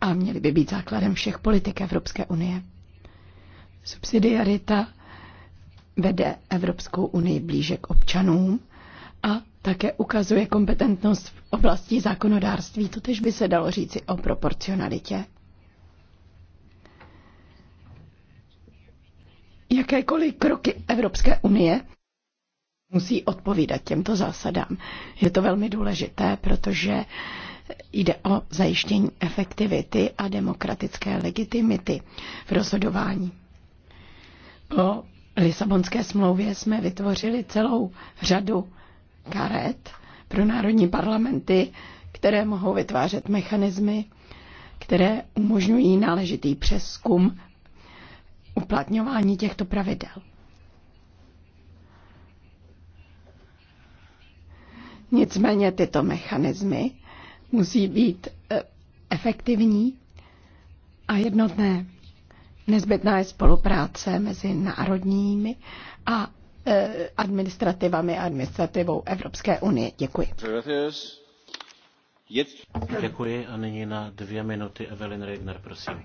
a měly by být základem všech politik Evropské unie. Subsidiarita vede Evropskou unii blíže k občanům a také ukazuje kompetentnost v oblasti zákonodárství. To tež by se dalo říci o proporcionalitě. Jakékoliv kroky Evropské unie musí odpovídat těmto zásadám. Je to velmi důležité, protože jde o zajištění efektivity a demokratické legitimity v rozhodování. Po Lisabonské smlouvě jsme vytvořili celou řadu karet pro národní parlamenty, které mohou vytvářet mechanismy, které umožňují náležitý přeskum uplatňování těchto pravidel. Nicméně tyto mechanismy musí být eh, efektivní a jednotné. Nezbytná je spolupráce mezi národními a eh, administrativami a administrativou Evropské unie. Děkuji. Děkuji a nyní na dvě minuty Evelyn Regner, prosím.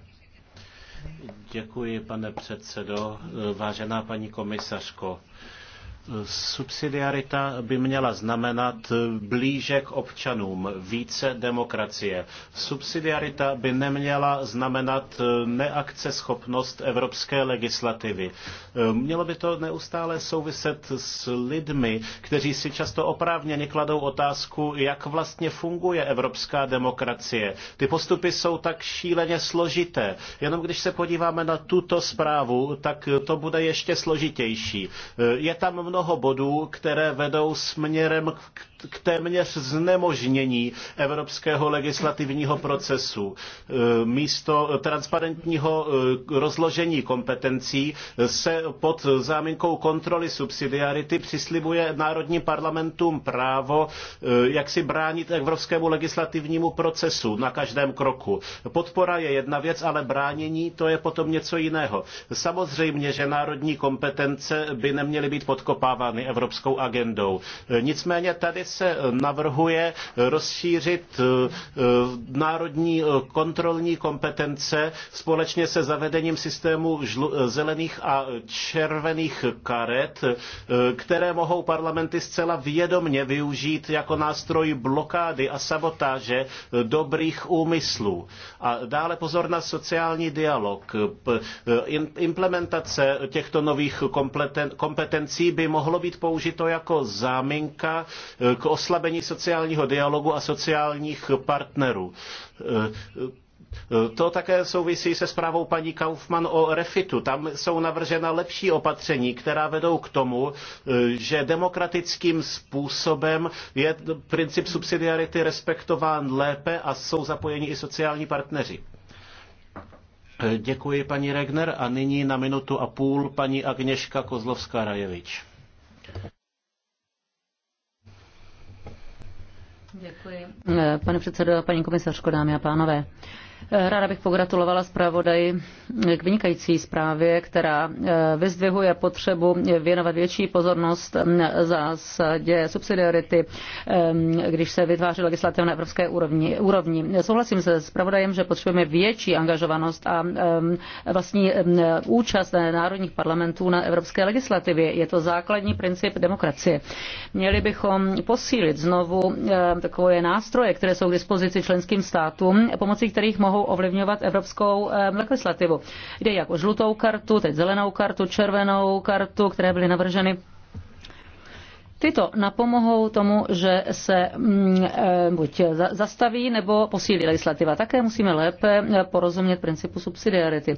Děkuji, pane předsedo. Vážená paní komisařko, Subsidiarita by měla znamenat blíže k občanům, více demokracie. Subsidiarita by neměla znamenat neakceschopnost evropské legislativy. Mělo by to neustále souviset s lidmi, kteří si často oprávněně kladou otázku, jak vlastně funguje evropská demokracie. Ty postupy jsou tak šíleně složité. Jenom když se podíváme na tuto zprávu, tak to bude ještě složitější. Je tam mnoho bodů, které vedou směrem k k téměř znemožnění evropského legislativního procesu. E, místo transparentního e, rozložení kompetencí se pod záminkou kontroly subsidiarity přislibuje národním parlamentům právo, e, jak si bránit evropskému legislativnímu procesu na každém kroku. Podpora je jedna věc, ale bránění to je potom něco jiného. Samozřejmě, že národní kompetence by neměly být podkopávány evropskou agendou. Nicméně tady se navrhuje rozšířit eh, eh, národní eh, kontrolní kompetence společně se zavedením systému zelených a červených karet, které mohou parlamenty zcela vědomně využít jako nástroj blokády a sabotáže dobrých úmyslů. A dále pozor na sociální dialog. Implementace těchto nových kompetencí by mohlo být použito jako záminka k oslabení sociálního dialogu a sociálních partnerů. To také souvisí se zprávou paní Kaufmann o refitu. Tam jsou navržena lepší opatření, která vedou k tomu, že demokratickým způsobem je princip subsidiarity respektován lépe a jsou zapojeni i sociální partneři. Děkuji paní Regner a nyní na minutu a půl paní Agněška Kozlovská-Rajevič. Děkuji. Pane předsedo, paní komisařko, dámy a pánové. Ráda bych pogratulovala zpravodaji k vynikající zprávě, která eh, vyzdvihuje potřebu věnovat větší pozornost mm, zásadě subsidiarity, eh, když se vytváří legislativa na evropské úrovni. úrovni. Souhlasím se zpravodajem, že potřebujeme větší angažovanost a eh, vlastní účast národních parlamentů na evropské legislativě. Je to základní princip demokracie. Měli bychom posílit znovu takové nástroje, které jsou k dispozici členským státům, pomocí kterých mohou mohou ovlivňovat evropskou eh, legislativu. Jde jak o žlutou kartu, teď zelenou kartu, červenou kartu, které byly navrženy. Tyto napomohou tomu, že se mm, eh, buď zastaví nebo posílí legislativa. Také musíme lépe eh, porozumět principu subsidiarity.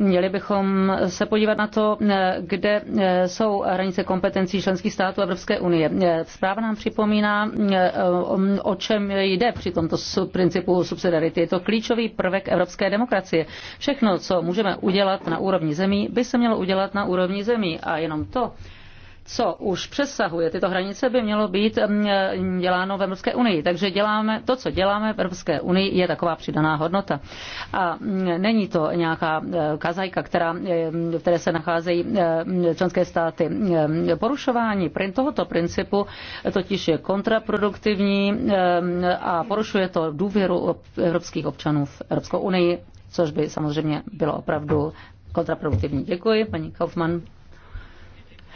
Měli bychom se podívat na to, kde jsou hranice kompetencí členských států Evropské unie. Zpráva nám připomíná, o čem jde při tomto principu subsidiarity. Je to klíčový prvek evropské demokracie. Všechno, co můžeme udělat na úrovni zemí, by se mělo udělat na úrovni zemí. A jenom to, co už přesahuje tyto hranice, by mělo být mm, děláno v Evropské unii. Takže děláme, to, co děláme v Evropské unii, je taková přidaná hodnota. A mm, není to nějaká e, kazajka, která, e, v které se nacházejí e, členské státy. Porušování tohoto principu totiž je kontraproduktivní a porušuje to důvěru evropských občanů v Evropskou unii, což by samozřejmě bylo opravdu kontraproduktivní. Děkuji, paní Kaufmann.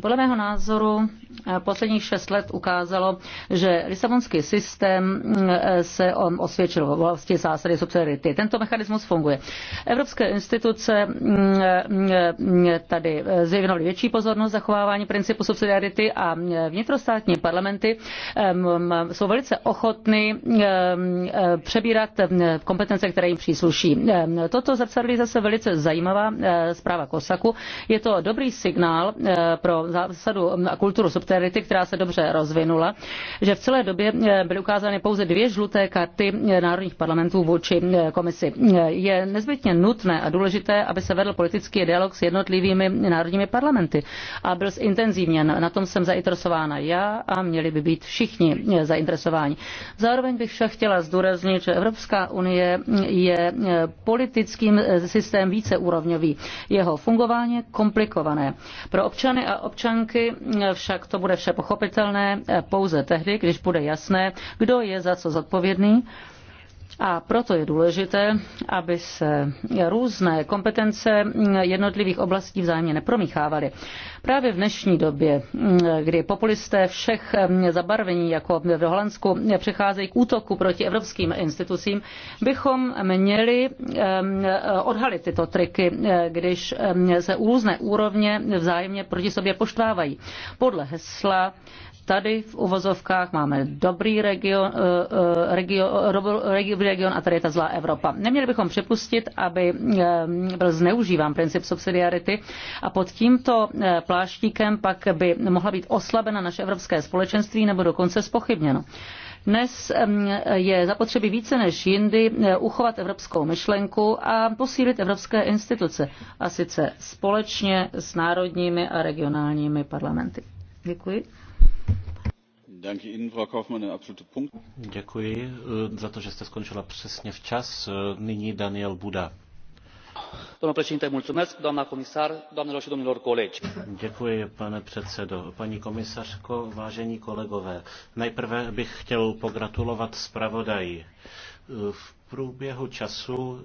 Podle mého názoru eh, posledních šest let ukázalo, že lisabonský systém eh, se on osvědčil v oblasti zásady subsidiarity. Tento mechanismus funguje. Evropské instituce mm, mm, mm, tady eh, zjevnovaly větší pozornost zachovávání principu subsidiarity a vnitrostátní parlamenty jsou velice ochotny přebírat kompetence, které jim přísluší. Toto zrcadlí zase velice zajímavá zpráva Kosaku. Je to dobrý signál pro zásadu hm, a kulturu subsidiarity, která se dobře rozvinula, že v celé době eh, byly ukázány pouze dvě žluté karty eh, národních parlamentů vůči eh, komisi. Je nezbytně nutné a důležité, aby se vedl politický dialog s jednotlivými národními parlamenty a byl zintenzivněn. Na tom jsem zainteresována já a měli by být všichni zainteresováni. Zároveň bych však chtěla zdůraznit, že Evropská unie hm, je politickým systém víceúrovňový. Jeho fungování je komplikované. Pro občany a občany občanky však to bude vše pochopitelné pouze tehdy, když bude jasné, kdo je za co zodpovědný a proto je důležité, aby se různé kompetence jednotlivých oblastí vzájemně nepromíchávaly. Právě v dnešní době, kdy populisté všech zabarvení, jako v Holandsku, přecházejí k útoku proti evropským institucím, bychom měli odhalit tyto triky, když se různé úrovně vzájemně proti sobě poštvávají. Podle hesla tady v uvozovkách máme dobrý region, eh, eh, region, region a tady je ta zlá Evropa. Neměli bychom připustit, aby eh, byl zneužíván princip subsidiarity a pod tímto pláštíkem pak by mohla být oslabena naše evropské společenství nebo dokonce spochybněno. Dnes je zapotřebí více než jindy uchovat evropskou myšlenku a posílit evropské instituce, a sice společně s národními a regionálními parlamenty. Děkuji. Děkuji eh, za to, že jste skončila přesně včas. Eh, nyní Daniel Buda. Domnule președinte, mulțumesc, doamna comisar, doamnelor și domnilor colegi. Děkuji, pane předsedo. Paní komisařko, vážení kolegové, nejprve bych chtěl pogratulovat zpravodaji. Eh, v průběhu času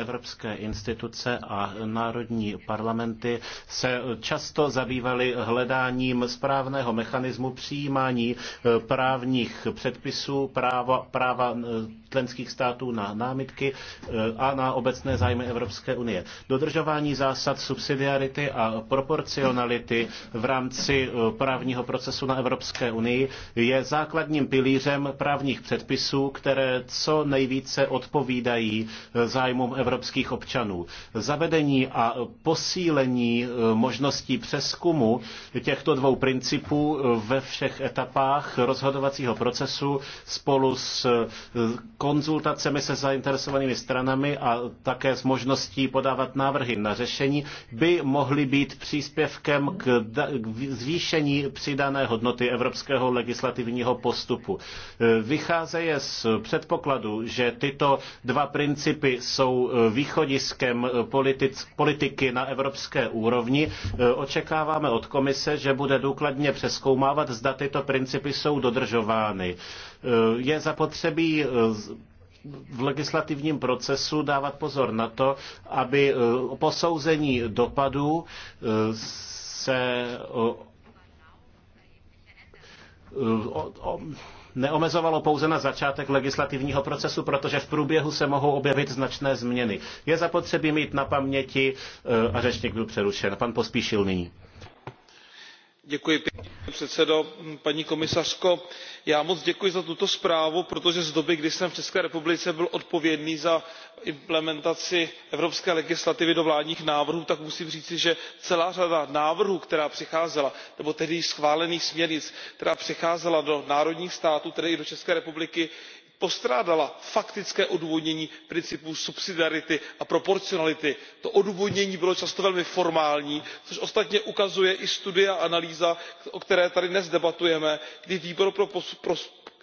evropské instituce a národní parlamenty se často zabývaly hledáním správného mechanismu přijímání eh, právních předpisů, práva, práva eh, členských států na námitky eh, a na obecné zájmy Evropské unie. Dodržování zásad subsidiarity a proporcionality v rámci právního procesu na Evropské unii je základním pilířem právních předpisů, které co nejvíce odpovídají zájmům Evropské evropských občanů. Zavedení a posílení e, možností přeskumu těchto dvou principů ve všech etapách rozhodovacího procesu spolu s e, konzultacemi se zainteresovanými stranami a také s možností podávat návrhy na řešení by mohly být příspěvkem k, zvýšení přidané hodnoty evropského legislativního postupu. E, vycházeje z předpokladu, že tyto dva principy jsou Eh, východiskem eh, politic, politiky na evropské úrovni, eh, očekáváme od komise, že bude důkladně přeskoumávat, zda tyto principy jsou dodržovány. Je zapotřebí v legislativním procesu dávat pozor na to, aby posouzení dopadů se neomezovalo pouze na začátek legislativního procesu, protože v průběhu se mohou objevit značné změny. Je zapotřebí mít na paměti, eh, a řečník byl přerušen, pan Pospíšil nyní pane předsedající paní komisařko já moc děkuji za tuto zprávu protože z doby kdy jsem v české republice byl odpovědný za implementaci evropské legislativy do vládních návrhů tak musím říci že celá řada návrhů která přicházela nebo tehdy již schválených směrnic která přicházela do národních států tedy i do české republiky postrádala faktické odůvodnění principu subsidiarity a proporcionality. to odůvodnění bylo často velmi formální což ostatně ukazuje i studie a analýza o které tady dnes debatujeme kdy výbor pro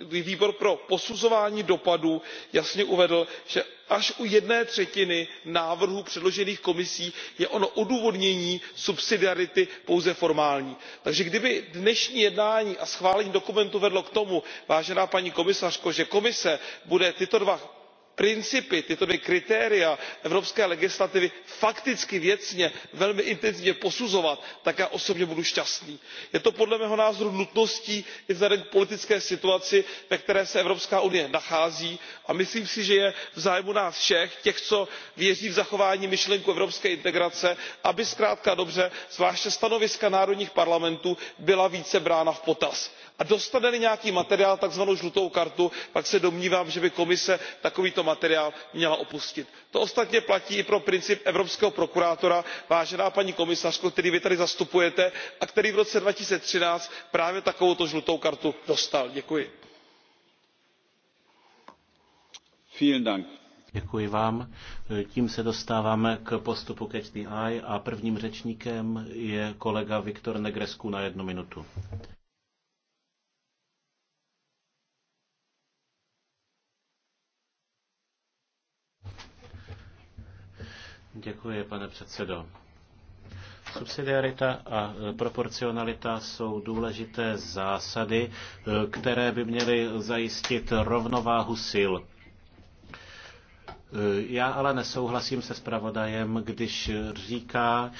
výbor pro posuzování dopadů jasně uvedl že až u jedné třetiny návrhů předložených komisí je ono odůvodnění subsidiarity pouze formální. takže kdyby dnešní jednání a schválení dokumentu vedlo k tomu vážená paní komisařko že komise bude tyto dva principy tato dvě kritéria evropské legislativy fakticky věcně velmi intenzivně posuzovat tak já osobně budu šťastný. je to podle mého názoru nutností i vzhledem k politické situaci ve které se evropská unie nachází a myslím si že je v zájmu nás všech těch co věří v zachování myšlenky evropské integrace aby zkrátka a dobře zvláště stanoviska národních parlamentů byla více brána v potaz a dostane li nějaký materiál takzvanou žlutou kartu pak se domnívám že by komise takovýto materiál měla opustit. to ostatně platí i pro princip evropského prokurátora vážená paní komisařko který vy tady zastupujete a který v roce two thousand and thirteen právě takovouto žlutou kartu dostal. děkuji. Děkuji vám. Tím se dostáváme k postupu Catch the Eye a prvním řečníkem je kolega Viktor Negrescu na jednu minutu. Děkuji, pane předsedo. Subsidiarita a e, proporcionalita jsou důležité zásady, e, které by měly zajistit rovnováhu sil já ale nesouhlasím se zpravodajem, když říká,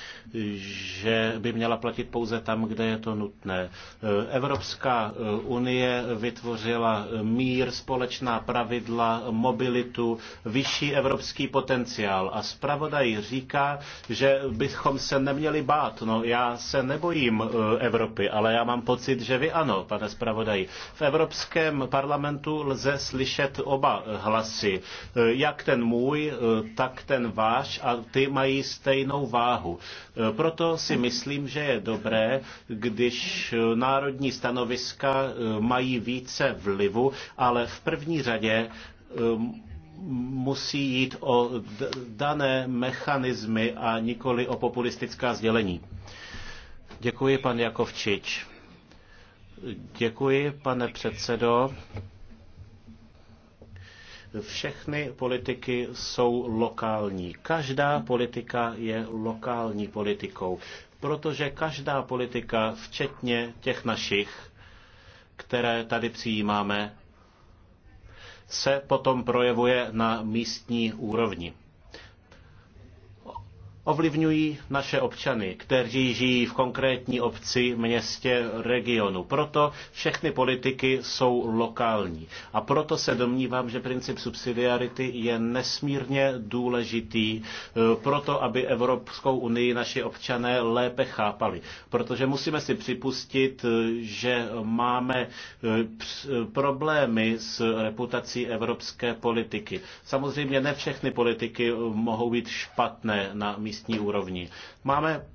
že by měla platit pouze tam, kde je to nutné. Evropská unie vytvořila mír, společná pravidla, mobilitu, vyšší evropský potenciál. A zpravodaj říká, že bychom se neměli bát. No, já se nebojím eh, Evropy, ale já mám pocit, že vy ano, pane zpravodaj. V Evropském parlamentu lze slyšet oba hlasy. Eh, jak ten ten můj, eh, tak ten váš a ty mají stejnou váhu. Eh, proto si myslím, že je dobré, když eh, národní stanoviska mají více vlivu, ale v první řadě musí jít o dané mechanismy a nikoli o populistická sdělení. Děkuji, pan Jakovčič. Děkuji, pane předsedo. Všechny politiky jsou lokální. Každá politika je lokální politikou, protože každá politika, včetně těch našich, které tady přijímáme, se potom projevuje na místní úrovni ovlivňují naše občany, kteří žijí v konkrétní obci, městě, regionu. Proto všechny politiky jsou lokální. A proto se domnívám, že princip subsidiarity je nesmírně důležitý eh, proto, aby Evropskou unii naši občané lépe chápali. Protože musíme si připustit, eh, že máme eh, problémy s reputací evropské politiky. Samozřejmě ne všechny politiky mohou být špatné na místě místní úrovni. Máme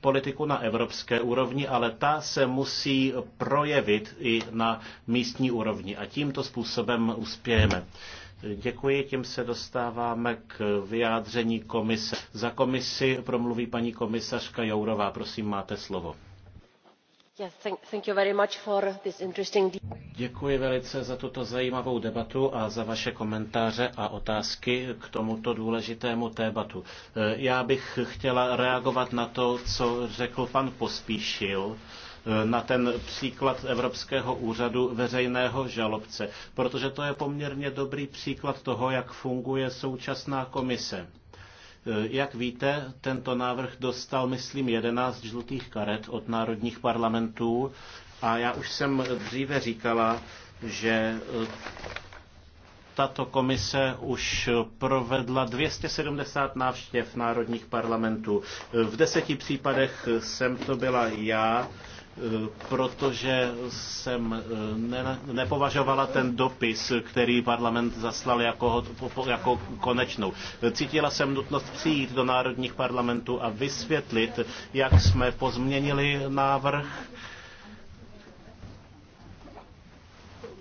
politiku na evropské úrovni, ale ta se musí projevit i na místní úrovni a tímto způsobem uspějeme. Děkuji, tím se dostáváme k vyjádření komise. Za komisi promluví paní komisařka Jourová. Prosím, máte slovo. Děkuji velice za tuto zajímavou debatu a za vaše komentáře a otázky k tomuto důležitému tématu. Eh, já bych chtěla reagovat na to, co řekl pan Pospíšil eh, na ten příklad Evropského úřadu veřejného žalobce, protože to je poměrně dobrý příklad toho, jak funguje současná komise Eh, jak víte, tento návrh dostal, myslím, 11 žlutých karet od národních parlamentů a já už jsem dříve říkala, že eh, tato komise už provedla 270 návštěv národních parlamentů. Eh, v deseti případech jsem to byla já, Eh, protože jsem eh, ne, nepovažovala ten dopis, který parlament zaslal jako, jako konečnou. Cítila jsem nutnost přijít do národních parlamentů a vysvětlit, jak jsme pozměnili návrh,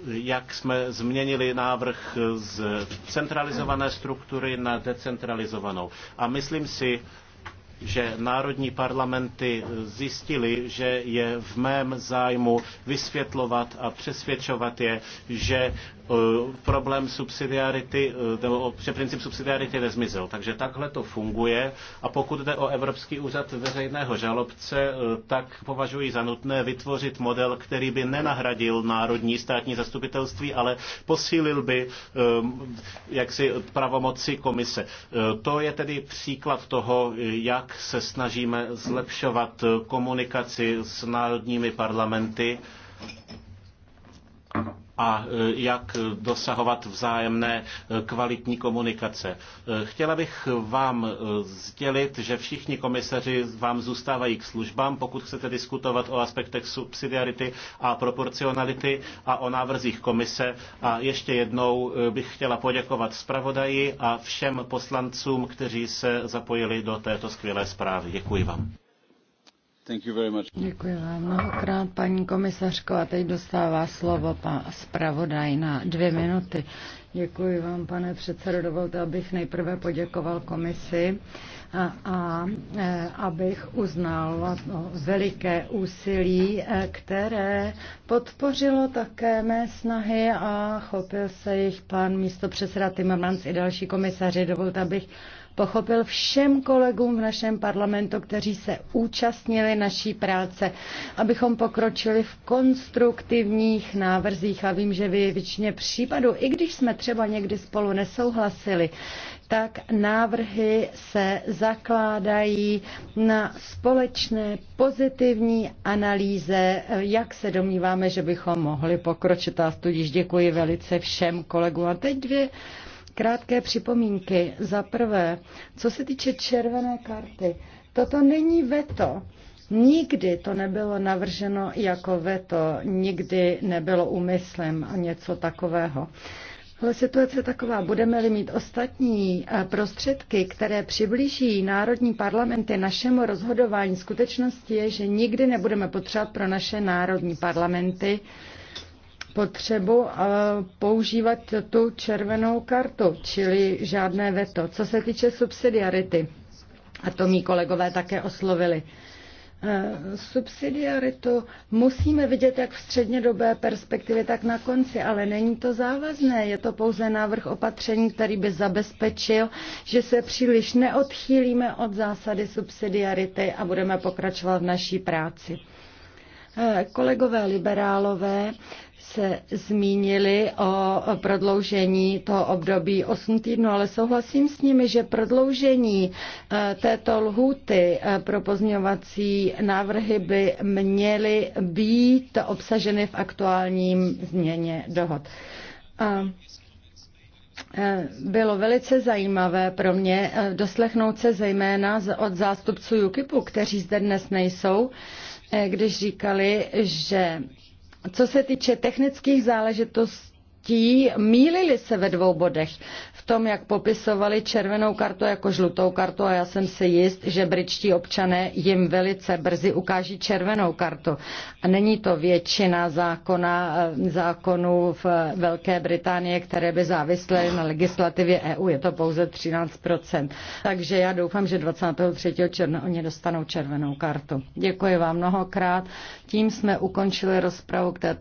jak jsme změnili návrh z centralizované struktury na decentralizovanou. A myslím si, že národní parlamenty eh, zjistily, že je v mém zájmu vysvětlovat a přesvědčovat je, že eh, problém subsidiarity, eh, nebo princip subsidiarity nezmizel. Takže takhle to funguje a pokud jde o Evropský úřad veřejného žalobce, tak považuji za nutné vytvořit model, který by nenahradil národní státní zastupitelství, ale posílil by jaksi pravomoci komise. To je tedy příklad toho, jak se snažíme zlepšovat komunikaci s národními parlamenty a e, jak dosahovat vzájemné e, kvalitní komunikace. E, chtěla bych vám sdělit, že všichni komisaři vám zůstávají k službám, pokud chcete diskutovat o aspektech subsidiarity a proporcionality a o návrzích komise. A ještě jednou bych chtěla poděkovat zpravodaji a všem poslancům, kteří se zapojili do této skvělé zprávy. Děkuji vám. Děkuji vám mnohokrát, paní komisařko. A teď dostává slovo pan zpravodaj na dvě minuty. Děkuji vám, pane předsedo. Dovolte, abych nejprve poděkoval komisi a, a e, abych uznal no, veliké úsilí, e, které podpořilo také mé snahy a chopil se jich pan místo předseda Timmermans i další komisaři. Dovolte, abych pochopil všem kolegům v našem parlamentu, kteří se účastnili naší práce, abychom pokročili v konstruktivních návrzích a vím, že vy většině případů, i když jsme třeba někdy spolu nesouhlasili, tak návrhy se zakládají na společné pozitivní analýze, jak se domníváme, že bychom mohli pokročit. A tudíž děkuji velice všem kolegům. A teď dvě krátké připomínky. Za prvé, co se týče červené karty, toto není veto. Nikdy to nebylo navrženo jako veto, nikdy nebylo úmyslem a něco takového. Ale situace je taková, budeme-li mít ostatní eh, prostředky, které přiblíží národní parlamenty našemu rozhodování, skutečnost je, že nikdy nebudeme potřebovat pro naše národní parlamenty potřebu eh, používat tu červenou kartu, čili žádné veto. Co se týče subsidiarity, a to mý kolegové také oslovili, eh, subsidiaritu musíme vidět jak v střednědobé perspektivě, tak na konci, ale není to závazné. Je to pouze návrh opatření, který by zabezpečil, že se příliš neodchýlíme od zásady subsidiarity a budeme pokračovat v naší práci. Eh, kolegové liberálové se zmínili o prodloužení toho období 8 týdnů, ale souhlasím s nimi, že prodloužení eh, této lhůty eh, pro pozměňovací návrhy by měly být obsaženy v aktuálním změně dohod. A eh, bylo velice zajímavé pro mě doslechnout se zejména od zástupců UKIPu, kteří zde dnes nejsou, když říkali, že co se týče technických záležitostí, ti mílili se ve dvou bodech. V tom, jak popisovali červenou kartu jako žlutou kartu a já jsem si jist, že britští občané jim velice brzy ukáží červenou kartu. A není to většina zákona, eh, zákonů v Velké Británii, které by závislé na legislativě EU. Je to pouze 13%. Takže já doufám, že 23. června oni dostanou červenou kartu. Děkuji vám mnohokrát. Tím jsme ukončili rozpravu k této